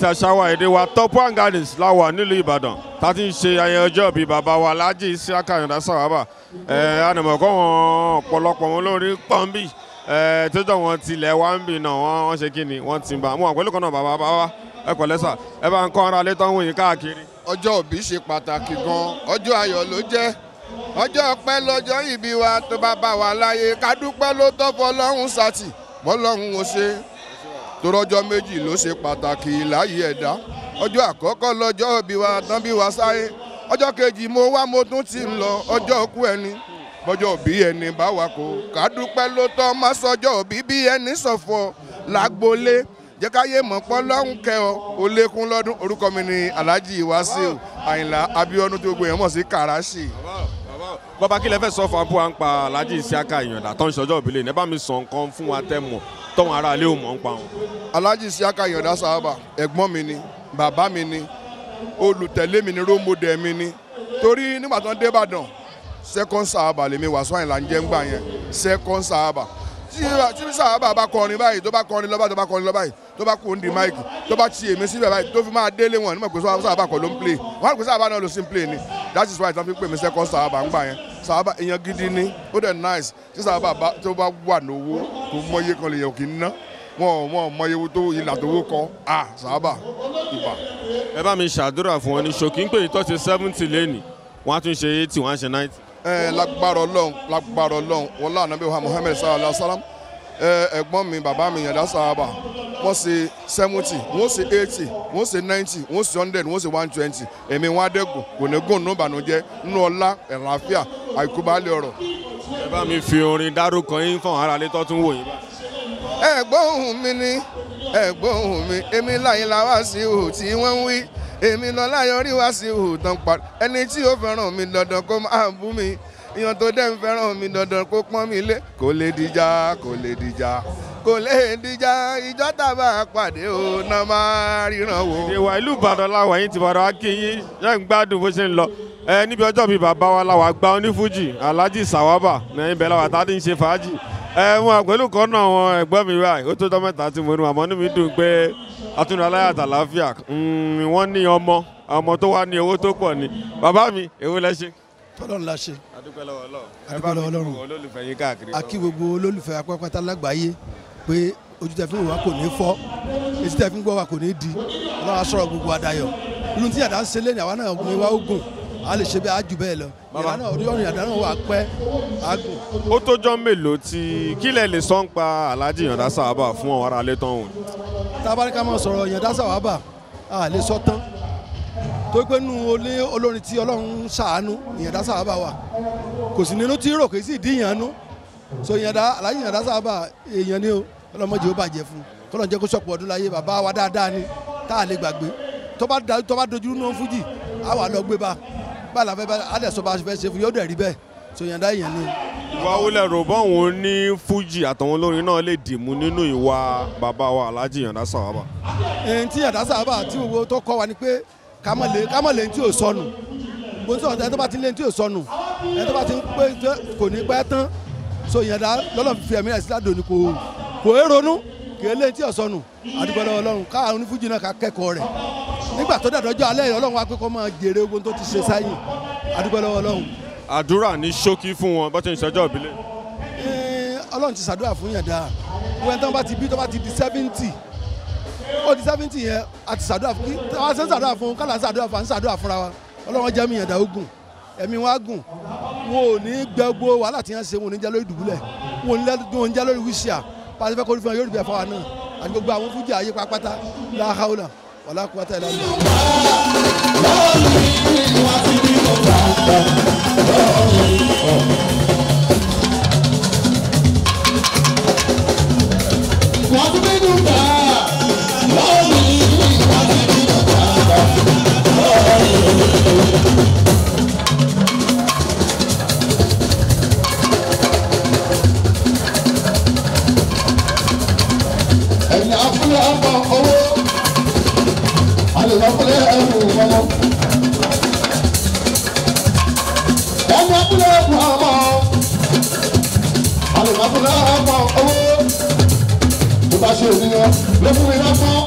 àti àṣàwà èdè wa Topoan Gardens láwà nílùú Ìbàdàn tá a ti ń ṣe ayẹyẹ ọjọ́ ìbí bàbá wa Alhaji Isiaka Ayọ̀dá Sàwábà ànàmọ̀kọ́ wọn ọ̀pọ̀lọpọ̀ wọn lórí pọ́ńbì tójọ́ wọn tilẹ̀ wá ń bì náà wọ́n ṣe kí ni wọ́n ti bá wọn pẹ̀lú kan náà bàbá bá ẹ pẹ̀lẹ́ sà ẹ bá ń kọ́ ara létọ́ ń wòye káàkiri. ọjọ́ òbí ṣe pàtàkì gan ọjọ́ ayọ̀ ló jẹ́ ọjọ́ ọpẹ́ lọ́jọ́ ìbí wa tó bá bá wa láyé ká dúpẹ́ ló tọ́ fọlọ́run sátì bọ́lọ́run ò ṣe torọ́jọ́ méjì ló ṣe pàtàkì láyé ẹ̀dá ọjọ́ àkọ́kọ́ lọ́jọ́ bí wa tán bí wa sáyé ọjọ́ kejì mo wá mo tún ti ń lọ ọjọ́ òkú ẹni bọ́jọ́ bí ẹni bá wà kó kádúpẹ́ ló tọ́ má sọjọ́ bí bí ẹni ṣọ̀fọ̀ lágbolé jẹ́ káyé mọ̀ pọ́ lọ́hùn kẹ́ ọ ó lékún lọ́dún orúkọ mi ni Alhaji Wasiu Àyìnlá Abíọ́dún tí gbogbo èèyàn mọ̀ sí Karachi. bàbá kí lẹ fẹ́ sọ fún abúlé à ń pa Alhaji Isiaka Ìyàndá tó ń ṣọjọ́ òbílẹ̀ ní ẹ bá mi sọ nǹkan fún wa tẹ́ mọ̀ tọ́wọ́n ará ilé ò ń pa wọn. Alhaji Isiaka Ìyàndá Sawaba ẹ̀gbọ́n mi ni bàbá mi ni olùtẹ̀lé mi ni role mi ni torí nígbà tó ń dé Ìbàdàn second Sawaba lèmi Wasiu Ayìnlá ń jẹ́ ń gbà yẹn second Sawaba tí Sawaba bá kọrin báyìí tó bá kọrin lọ́ba tó bá kọrin lọ́ba yìí tó bá kún di máìkì tó bá ti èmi síbẹ̀ báyìí tó fi máa délé wọn nígbà pé Sawaba kọ ló ń play wọn á pè Sawaba náà ló sì ń play ni that is why tí wọ́n fi pè mí second Sawaba ń gbà yẹn sàábà èèyàn gidi ni ó dẹ̀ nice tí sàábà tó bá wà lówó tó mọyé kan lè yàn kì í ná wọn ò wọn ò mọyé owó tó ìlà tó wó kọ à sàábà ìbà. ẹ bá mi ṣàdúrà fún wọn ní ṣókí ń pè tó ṣe seventy lẹ́nìí wọ́n á tún ṣe eighty wọ́n á ṣe ninety. ẹ lágbára Ọlọ́run lágbára Ọlọ́run wọlé ànábẹ́wò Muhammad sallallahu alayhi wa sallam ẹ̀gbọ́n mi bàbá mi yàrá sábà wọ́n ṣe seventy wọ́n ṣe eighty wọ́n ṣe ninety wọ́n ṣe hundred wọ́n ṣe one twenty èmi wọn adẹ́gùn kò ní gùn nínú ìbànújẹ́ nínú ọlá ẹ̀ráfíà àìkúbalẹ̀ ọ̀rọ̀. ẹ bá mi fi orin dárúkọ yín fún ara lè tọ́ tún wò yín. ẹ̀gbọ́n ohùn mi ni ẹ̀gbọ́n ohùn mi èmi láyé la wá sí ihò tí wọ́n ń wí èmi lọ láyọ̀ rí wá sí ihò tán pa ẹni tí ó fẹ́ràn mi dandan kó máa bú mi èèyàn tó dẹ̀ ń fẹ́ràn mi dandan kó pọ́n mi lé kò lè dìjà kò lè dìjà kò lè dìjà ìjọ tàbá pàdé o náà máa ríran wò. ìwà ìlú Ìbàdàn làwọn yìí ti bọ̀dọ̀ akínyìn yẹn ń gbádùn bó ṣe ń lọ ẹ níbi ọjọ́ bíi bàbá wa làwọn àgbà onífújì Alhaji Sawaba lẹ́yìn bẹ́ẹ̀ làwọn àtàdé ń ṣe fàájì ẹ wọn pẹ̀lú kan náà wọn ẹ̀gbọ́n mi wá ó tó tọ́ mẹ́ta tí mo nu àmọ́ inú mi dùn pé atúndà aláyà àtàláfíà hmm, wọ́n ní ọmọ ọmọ tó wá ní owó tó pọ̀ ni bàbá mi èwo lẹ tọ́lọ́run la ṣe. adúpẹ́ lọ́wọ́ ọlọ́run olólùfẹ́ yín káàkiri. a kí gbogbo olólùfẹ́ apápátá lágbàáyé pé ojú tẹ fi wò wá kò ní fọ́ etí tẹ fi gbọ́ wá kò ní di ọlọ́run á sọ̀rọ̀ gbogbo adayọ̀ inú tí yàrá ń ṣe lẹ́nu àwa náà ọkùnrin wa ó gùn a lè ṣe bẹ́ẹ̀ á jù bẹ́ẹ̀ lọ yàrá náà oríyọ̀rìn yàrá náà wà pẹ́ á gùn. ó tójọ́ mélòó tí kílẹ̀ lè sọ́n pa Alhaji Yanda Sawaba fún ọ̀rọ̀ alẹ́ tán òun. tábàríkà máa sọ̀rọ̀ Yanda Sawaba a lè sọ tán tó gbé nu olé olórin tí ọlọ́run ṣàánú ìyàndá sábà wà kò sí nínú tí rò kì í sì dín ìyànnú so ìyàndá aláyé ìyàndá sábà èèyàn ni o ọlọ́mọdé ó bàjẹ́ fún kọ́lọ́n jẹ́ kó sọ̀pọ̀ ọdún láyé bàbá wa dáadáa ni tá a lè gbàgbé tó bá tó bá dojú nù fújì á wà lọ gbé ba bá làfẹ́ bá àdẹ̀sọ bá fẹ́ ṣe fún yóò dẹ̀ rí bẹ́ẹ̀ so ìyàndá èèyàn ni. ìwà wọlé ròbọ́ òun ní fújì àtàwọn olórin náà lè dìmú nínú ìwà bàbá wa aláàjì ìyàndá sábà. èyí tí ìyàndá sábà tí òwò tó kọ́ wa ni pé kámọ̀lé kámọ̀lé tí ò sọnù mo sọ ẹ tó bá ti lé tí ò sọnù ẹ tó bá ti pé kò ní pẹ́ tán so ìyẹn dá lọ́lọ́ fi ẹ̀mí rẹ̀ sí ládùn ní kò kò é ronú kì í lé tí ò sọnù àdúgbò lọ́wọ́ ọlọ́run káà onífújì náà ká kẹ́kọ̀ọ́ rẹ̀ nígbà tó dàdọ́jọ́ alẹ́ ọlọ́run wá pé kó máa jèrè ogun tó ti ṣe sáyìn àdúgbò lọ́wọ́ ọlọ́run. àdúrà ní ṣókí fún wọn bó ti ń ṣọjọ́ ìbílẹ̀. ọlọ́run ti ṣàdúrà fún yẹn dáa wọ́n tán bá ti bí tó bá ti di seventy ó di seventy yẹn a ti ṣàdúrà fún wa ṣe ń ṣàdúrà fún kálá ń ṣàdúrà fún à ń ṣàdúrà fúnra wa ọlọ́run jẹ́ mi yàn dáwó gùn ẹ̀mí wa gùn wọn ò ní gbẹ́gbó wàhálà tí wọ́n ṣe wọn ò ní jẹ́ lórí dùbúlẹ̀ wọn ò ní jẹ́ lórí wíṣíà pàṣẹ fẹ́ kórìí yóò rí bẹ́ẹ̀ fáwa náà àti gbogbo àwọn fújì ayé pátá láhàólà wàlá kúwátà ìlà ìlà. wọ́n tún bí dùn bá. ẹ̀yìn afúlẹ̀ ọgbà owó alùpàpọ̀lẹ̀ ẹ̀rù ọmọ. ẹ̀yìn afúlẹ̀ ọgbà ọmọ alùpàpọ̀lẹ̀ ọgbà owó tó bá ṣe òmìnira ló fún mi lọ́gbọ́n.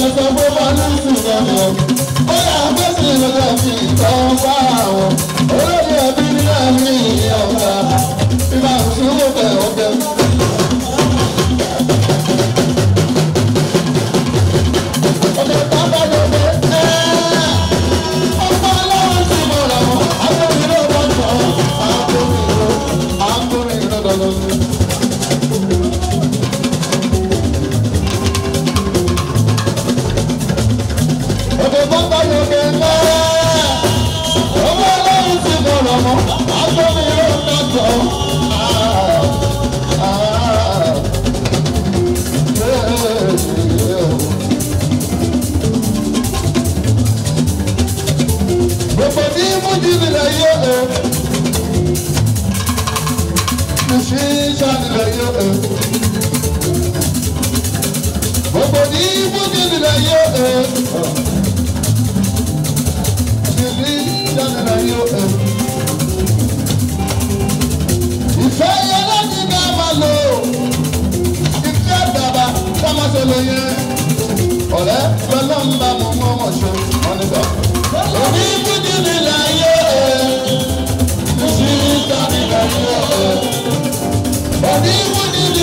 lè sọ pé wọ́n ní ìsìnkà lọ. ó yà pé sí ìlọ́jà fi ìtọ́ bá àwọn. olórí ẹbí ní àmì ìyá ọ̀gá. bí máa ń sún ó bẹ̀ ọ̀gá. Igbo gịnị na ya Jiri dana na ya ee Ife ya lo Ife dàbà kama ṣe lo yẹ Ọ̀rẹ́ pẹ̀lú ọ̀nba mo mú ọmọ ṣe wọ́n Jiri dana na ya ee Òní Igbo gịnị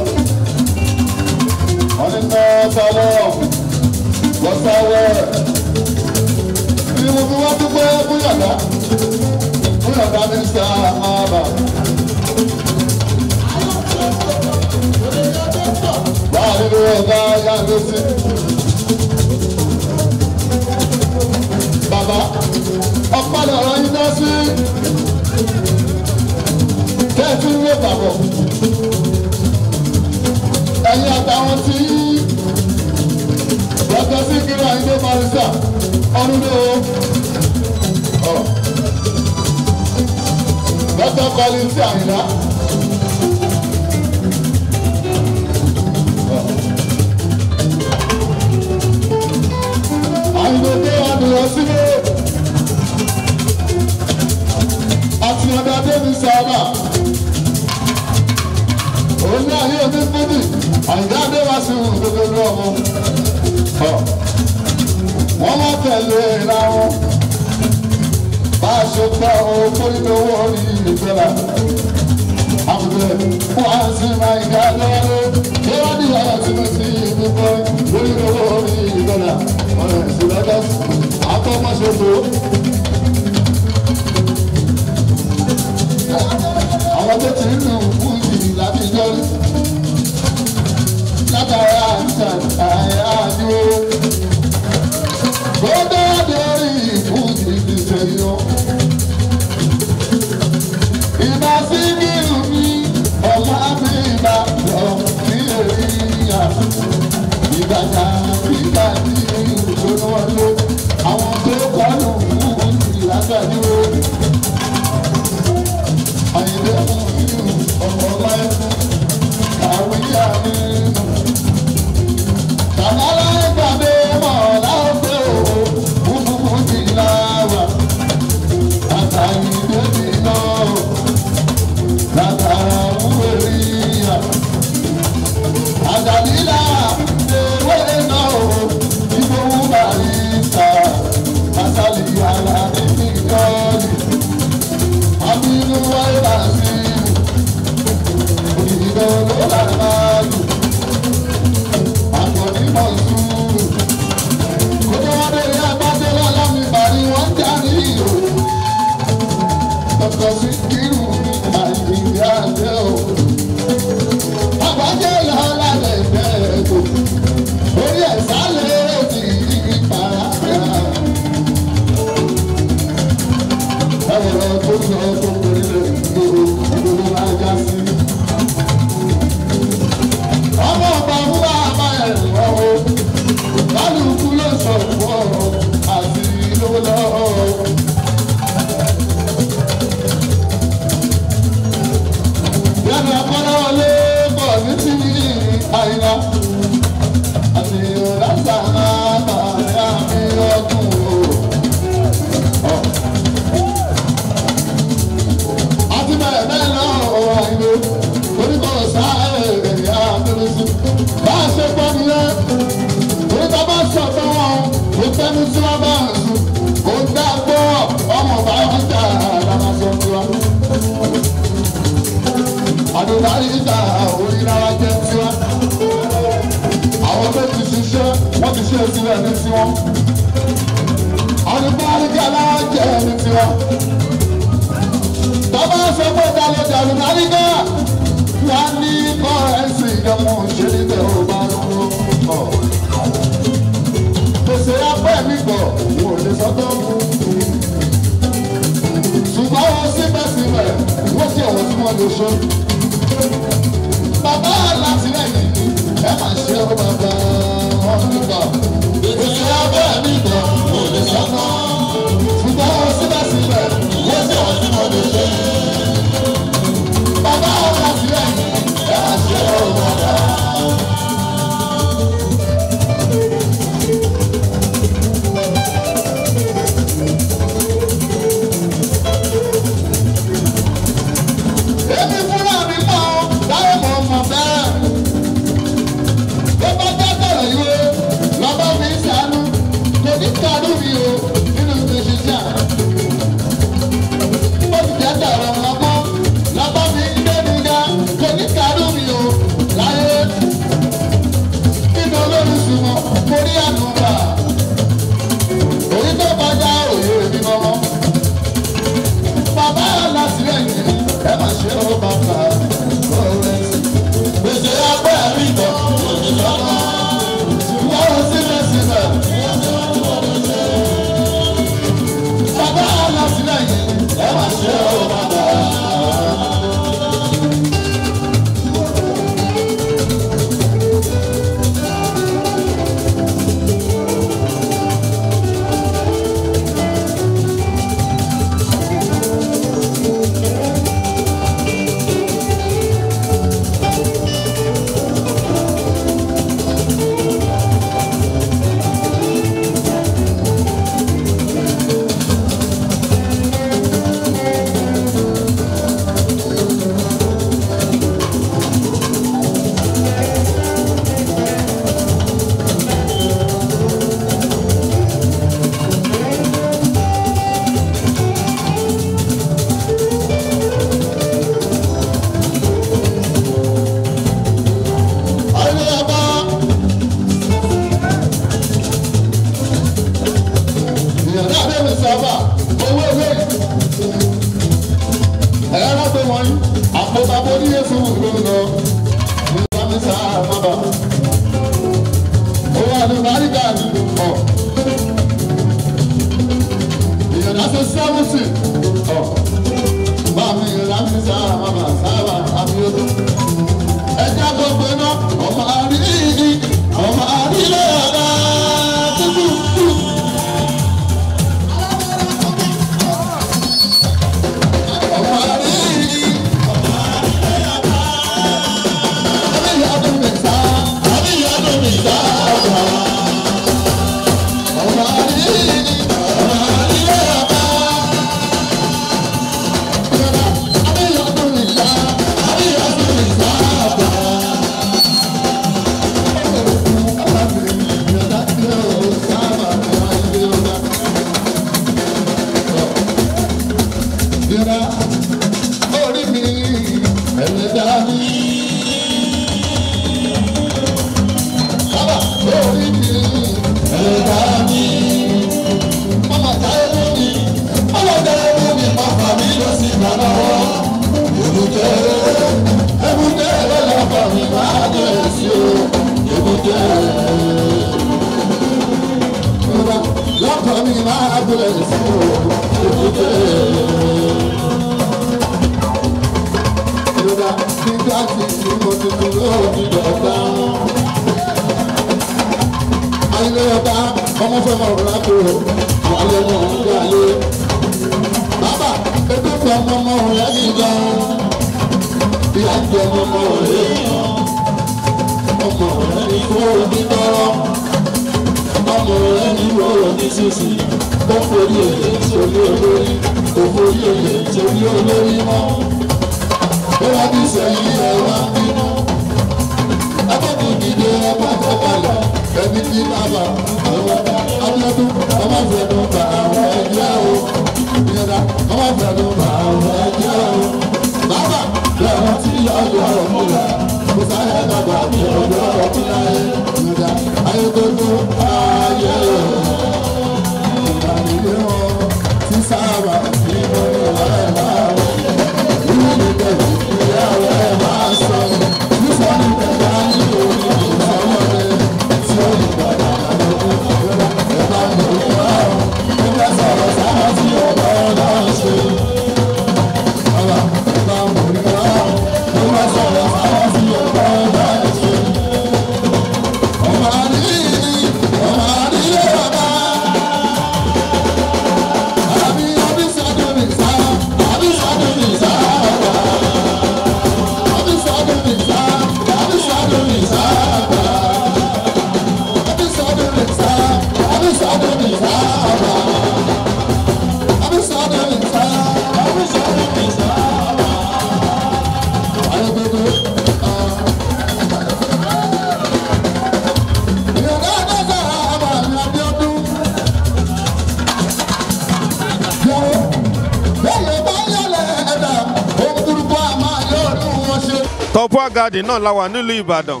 Kopwa Garden náà la wà nílùú Ìbàdàn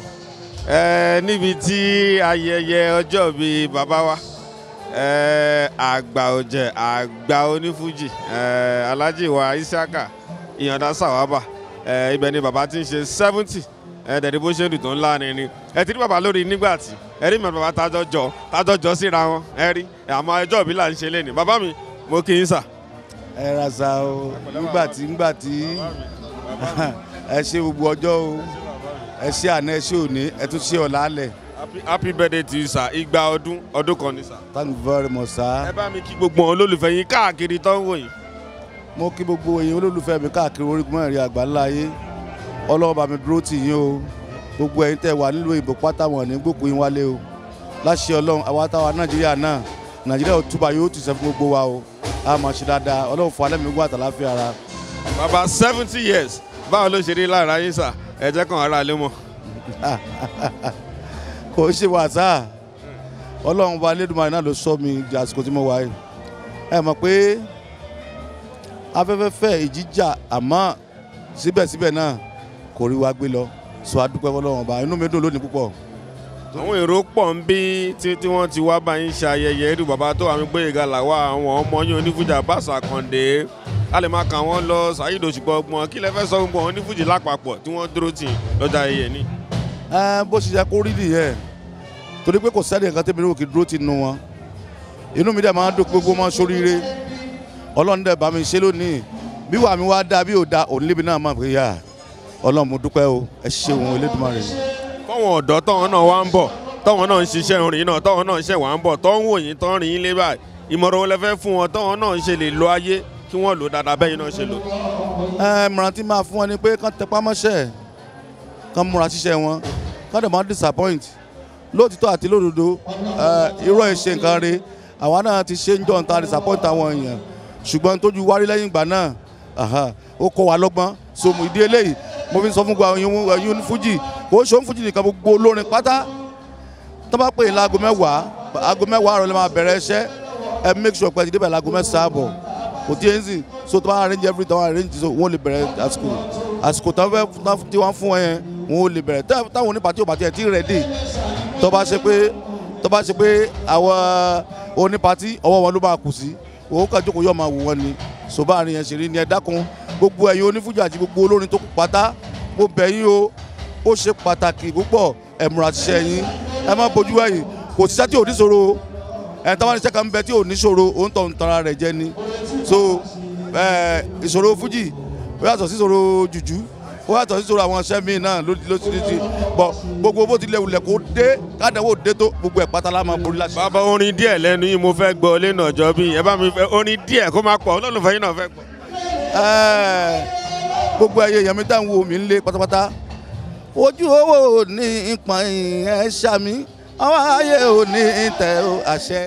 eh, níbi tí ayẹyẹ ọjọ́ bí bàbá wa eh, àgbà ọ̀jẹ̀ àgbà onífújì eh, Alhaji wa Isiaka Ìyàndá Sàwábà ibẹ̀ ni bàbá ti ń ṣe seventy ẹ̀ẹ́dẹ̀ẹ́dẹ́ bó ṣe dùn tó ńlá ni ni ẹ ti rí bàbá lórí nígbà tí ẹ rí bàbá tájọ jọ tájọ jọ síra wọn ẹ rí àmọ́ ẹjọ́ òbí là ń ṣe lẹ́nu bàbá mi mo kì í sà. ẹ ra sa o nígbà tí nígbà tí ẹ ṣe gbogbo ọjọ́ o ẹ ṣe àná ẹ ṣe òní ẹ tún ṣe ọ̀la alẹ̀. happy birthday to you sir igba ọdún ọdún kan ni sir. thank you very much sir. ẹ bá mi kí gbogbo àwọn olólùfẹ́ yín káàkiri tó wò yín. mo kí gbogbo ẹ̀yin olólùfẹ́ mi káàkiri orígun mẹ́rin àgbáńlá yé ọlọ́run bá dúró tì yín o gbogbo ẹ̀yin tẹ́ wà nílùú ìbò pátá wọn ní gbòkú yín wálé o láṣẹ ọlọ́run àwa nàìjíríà náà nàìjíríà ò túbà yóò tùsẹ̀ fún gbogbo wa o a máa ṣe dáadáa ọlọ́run fún alẹ́ mi gbọ́ àtàláfíà ara. bàbá seventy years báwo ló ṣe rí lára yín sà ẹ jẹ́ kàn ara lé mọ́. kò ṣe wàsá ọlọ́run wa lẹ́dùnmáà náà ló sọ mi àsìkò tí mo wà yìí ẹ mọ̀ pé afẹ́fẹ́ fẹ́ ìjíjà àmọ́ síbẹ̀síbẹ̀ náà kò rí wa gbé lọ sọ adúpẹ́ fọlọ́run ọba inú mi dùn lónìí púpọ̀. àwọn èrò pọ̀ ń bí tí wọ́n ti wá bá yín ṣe ayẹyẹ irú bàbá tó wà mí pé ìgalà wa àwọn ọmọ yín onífújà bá ṣàkàndé a lè máa kàn wọ́n lọ Saheed Òṣùpá ọgbọ́n kí lẹ fẹ́ sọ gbogbo ní fújì lápapọ̀ tí wọ́n dúró tì lọ́jà ayẹyẹ ni. bó ṣe yẹ kó rí nìyẹn torí pé kò sẹ́ni nǹkan tẹ́mi lóòkè dúró tì nù wọn inú mi dẹ̀ máa ń dùn gbogbo máa ṣoríire ọlọ́run dẹ̀ bá mi ṣe lónìí bí wàá mi wá dáa bí ò dáa òun lébi náà máa fi yà ọlọ́run mo dúpẹ́ o ẹ ṣe òun Elédùmarè. fọ́wọ́n ọ̀dọ́ tọ́wọ́n náà wá ń bọ̀ tọ́wọ́n náà ń ṣiṣẹ́ orin náà tọ́wọ́n náà ṣẹ̀ wá ń bọ̀ tọ́wọ́n wòyìn tọ́rin ilé báyìí ìmọ̀ràn olẹ́fẹ́ fún wọn tọ́wọ́n náà ṣe lè lo ayé kí wọ́n lò dáadáa bẹ́yìn náà ṣe lò. ẹ mìíràn tí máa fún wọn ni pé kán tẹpá mọ́ṣẹ́ kán múra ṣiṣẹ́ wọn kán dẹ̀ máa disappoint lóòtítọ́ àti lódodo irọ́ ẹ̀ ṣe nǹkan re àwa náà ti ṣe ń jọ̀ ń ta disappoint àwọn èèyàn ṣùgbọ́n tójú wárí lẹ́yìn ìgbà náà ó kọ́ wa lọ́gbọ́n so ìdí eléyìí mo fi ń sọ fún gba ẹyin onífújì kò ó ṣòun fújì nìkan gbogbo olórin pátá tó bá pè é láago mẹ́wàá aago mẹ́wàá àárọ̀ máa bẹ̀rẹ̀ iṣẹ́ ẹ make sure pé ti débẹ̀ láago mẹ́sàn-án àbọ̀ kò tí ẹ ń sìn so tó bá arrange every time arrange so wọn ò lè bẹ̀rẹ̀ àsìkò àsìkò tó fẹ́ tí wọ́n fún ẹ yẹn wọn ò lè bẹ̀rẹ̀ táwọn onípàtí ò bàtí ẹ̀ tí ready tó bá ṣe pé tó bá ṣe pé àwọn onípàtí ọwọ́ wọn ló máa kù sí òun kàn jókòó yóò máa wò wọn ni so bá àárín yẹn ṣe rí ni ẹ dákun gbogbo ẹ̀yin onífújì àti gbogbo olórin tó kù pátá mo bẹ̀ yín o ó ṣe pàtàkì púpọ̀ ẹ múra ṣiṣẹ́ yín ẹ má bójú ẹ̀yìn kò síṣẹ́ tí ò ní ṣòro ẹ táwọn iṣẹ́ kan ń bẹ tí ò ní ṣòro òun tọ̀ ń tara rẹ̀ jẹ ni so ìṣòro fújì ó yàtọ̀ sí ìṣòro jùjú ó yàtọ̀ sí ìṣòro àwọn iṣẹ́ míì náà lóṣìṣì bọ̀ gbogbo bó tilẹ̀ wulẹ̀ kó dé kádàwó dé tó gbogbo ẹ̀ pátá la máa borí láti. bàbá orin díẹ̀ lẹ́nu yìí mo fẹ́ gbọ́ ọ lẹ́nu ọ̀jọ́ bí ẹ bá mi fẹ́ orin díẹ̀ kó má pọ̀ olólùfẹ́ yín náà fẹ́ gbọ́. gbogbo ẹyẹ èèyàn mi dáhùn wo mi ń lé pátápátá ojú owó ní ìpànìyàn ẹ̀ ṣàmì àwọn ayé ò ní tẹ ó àṣẹ.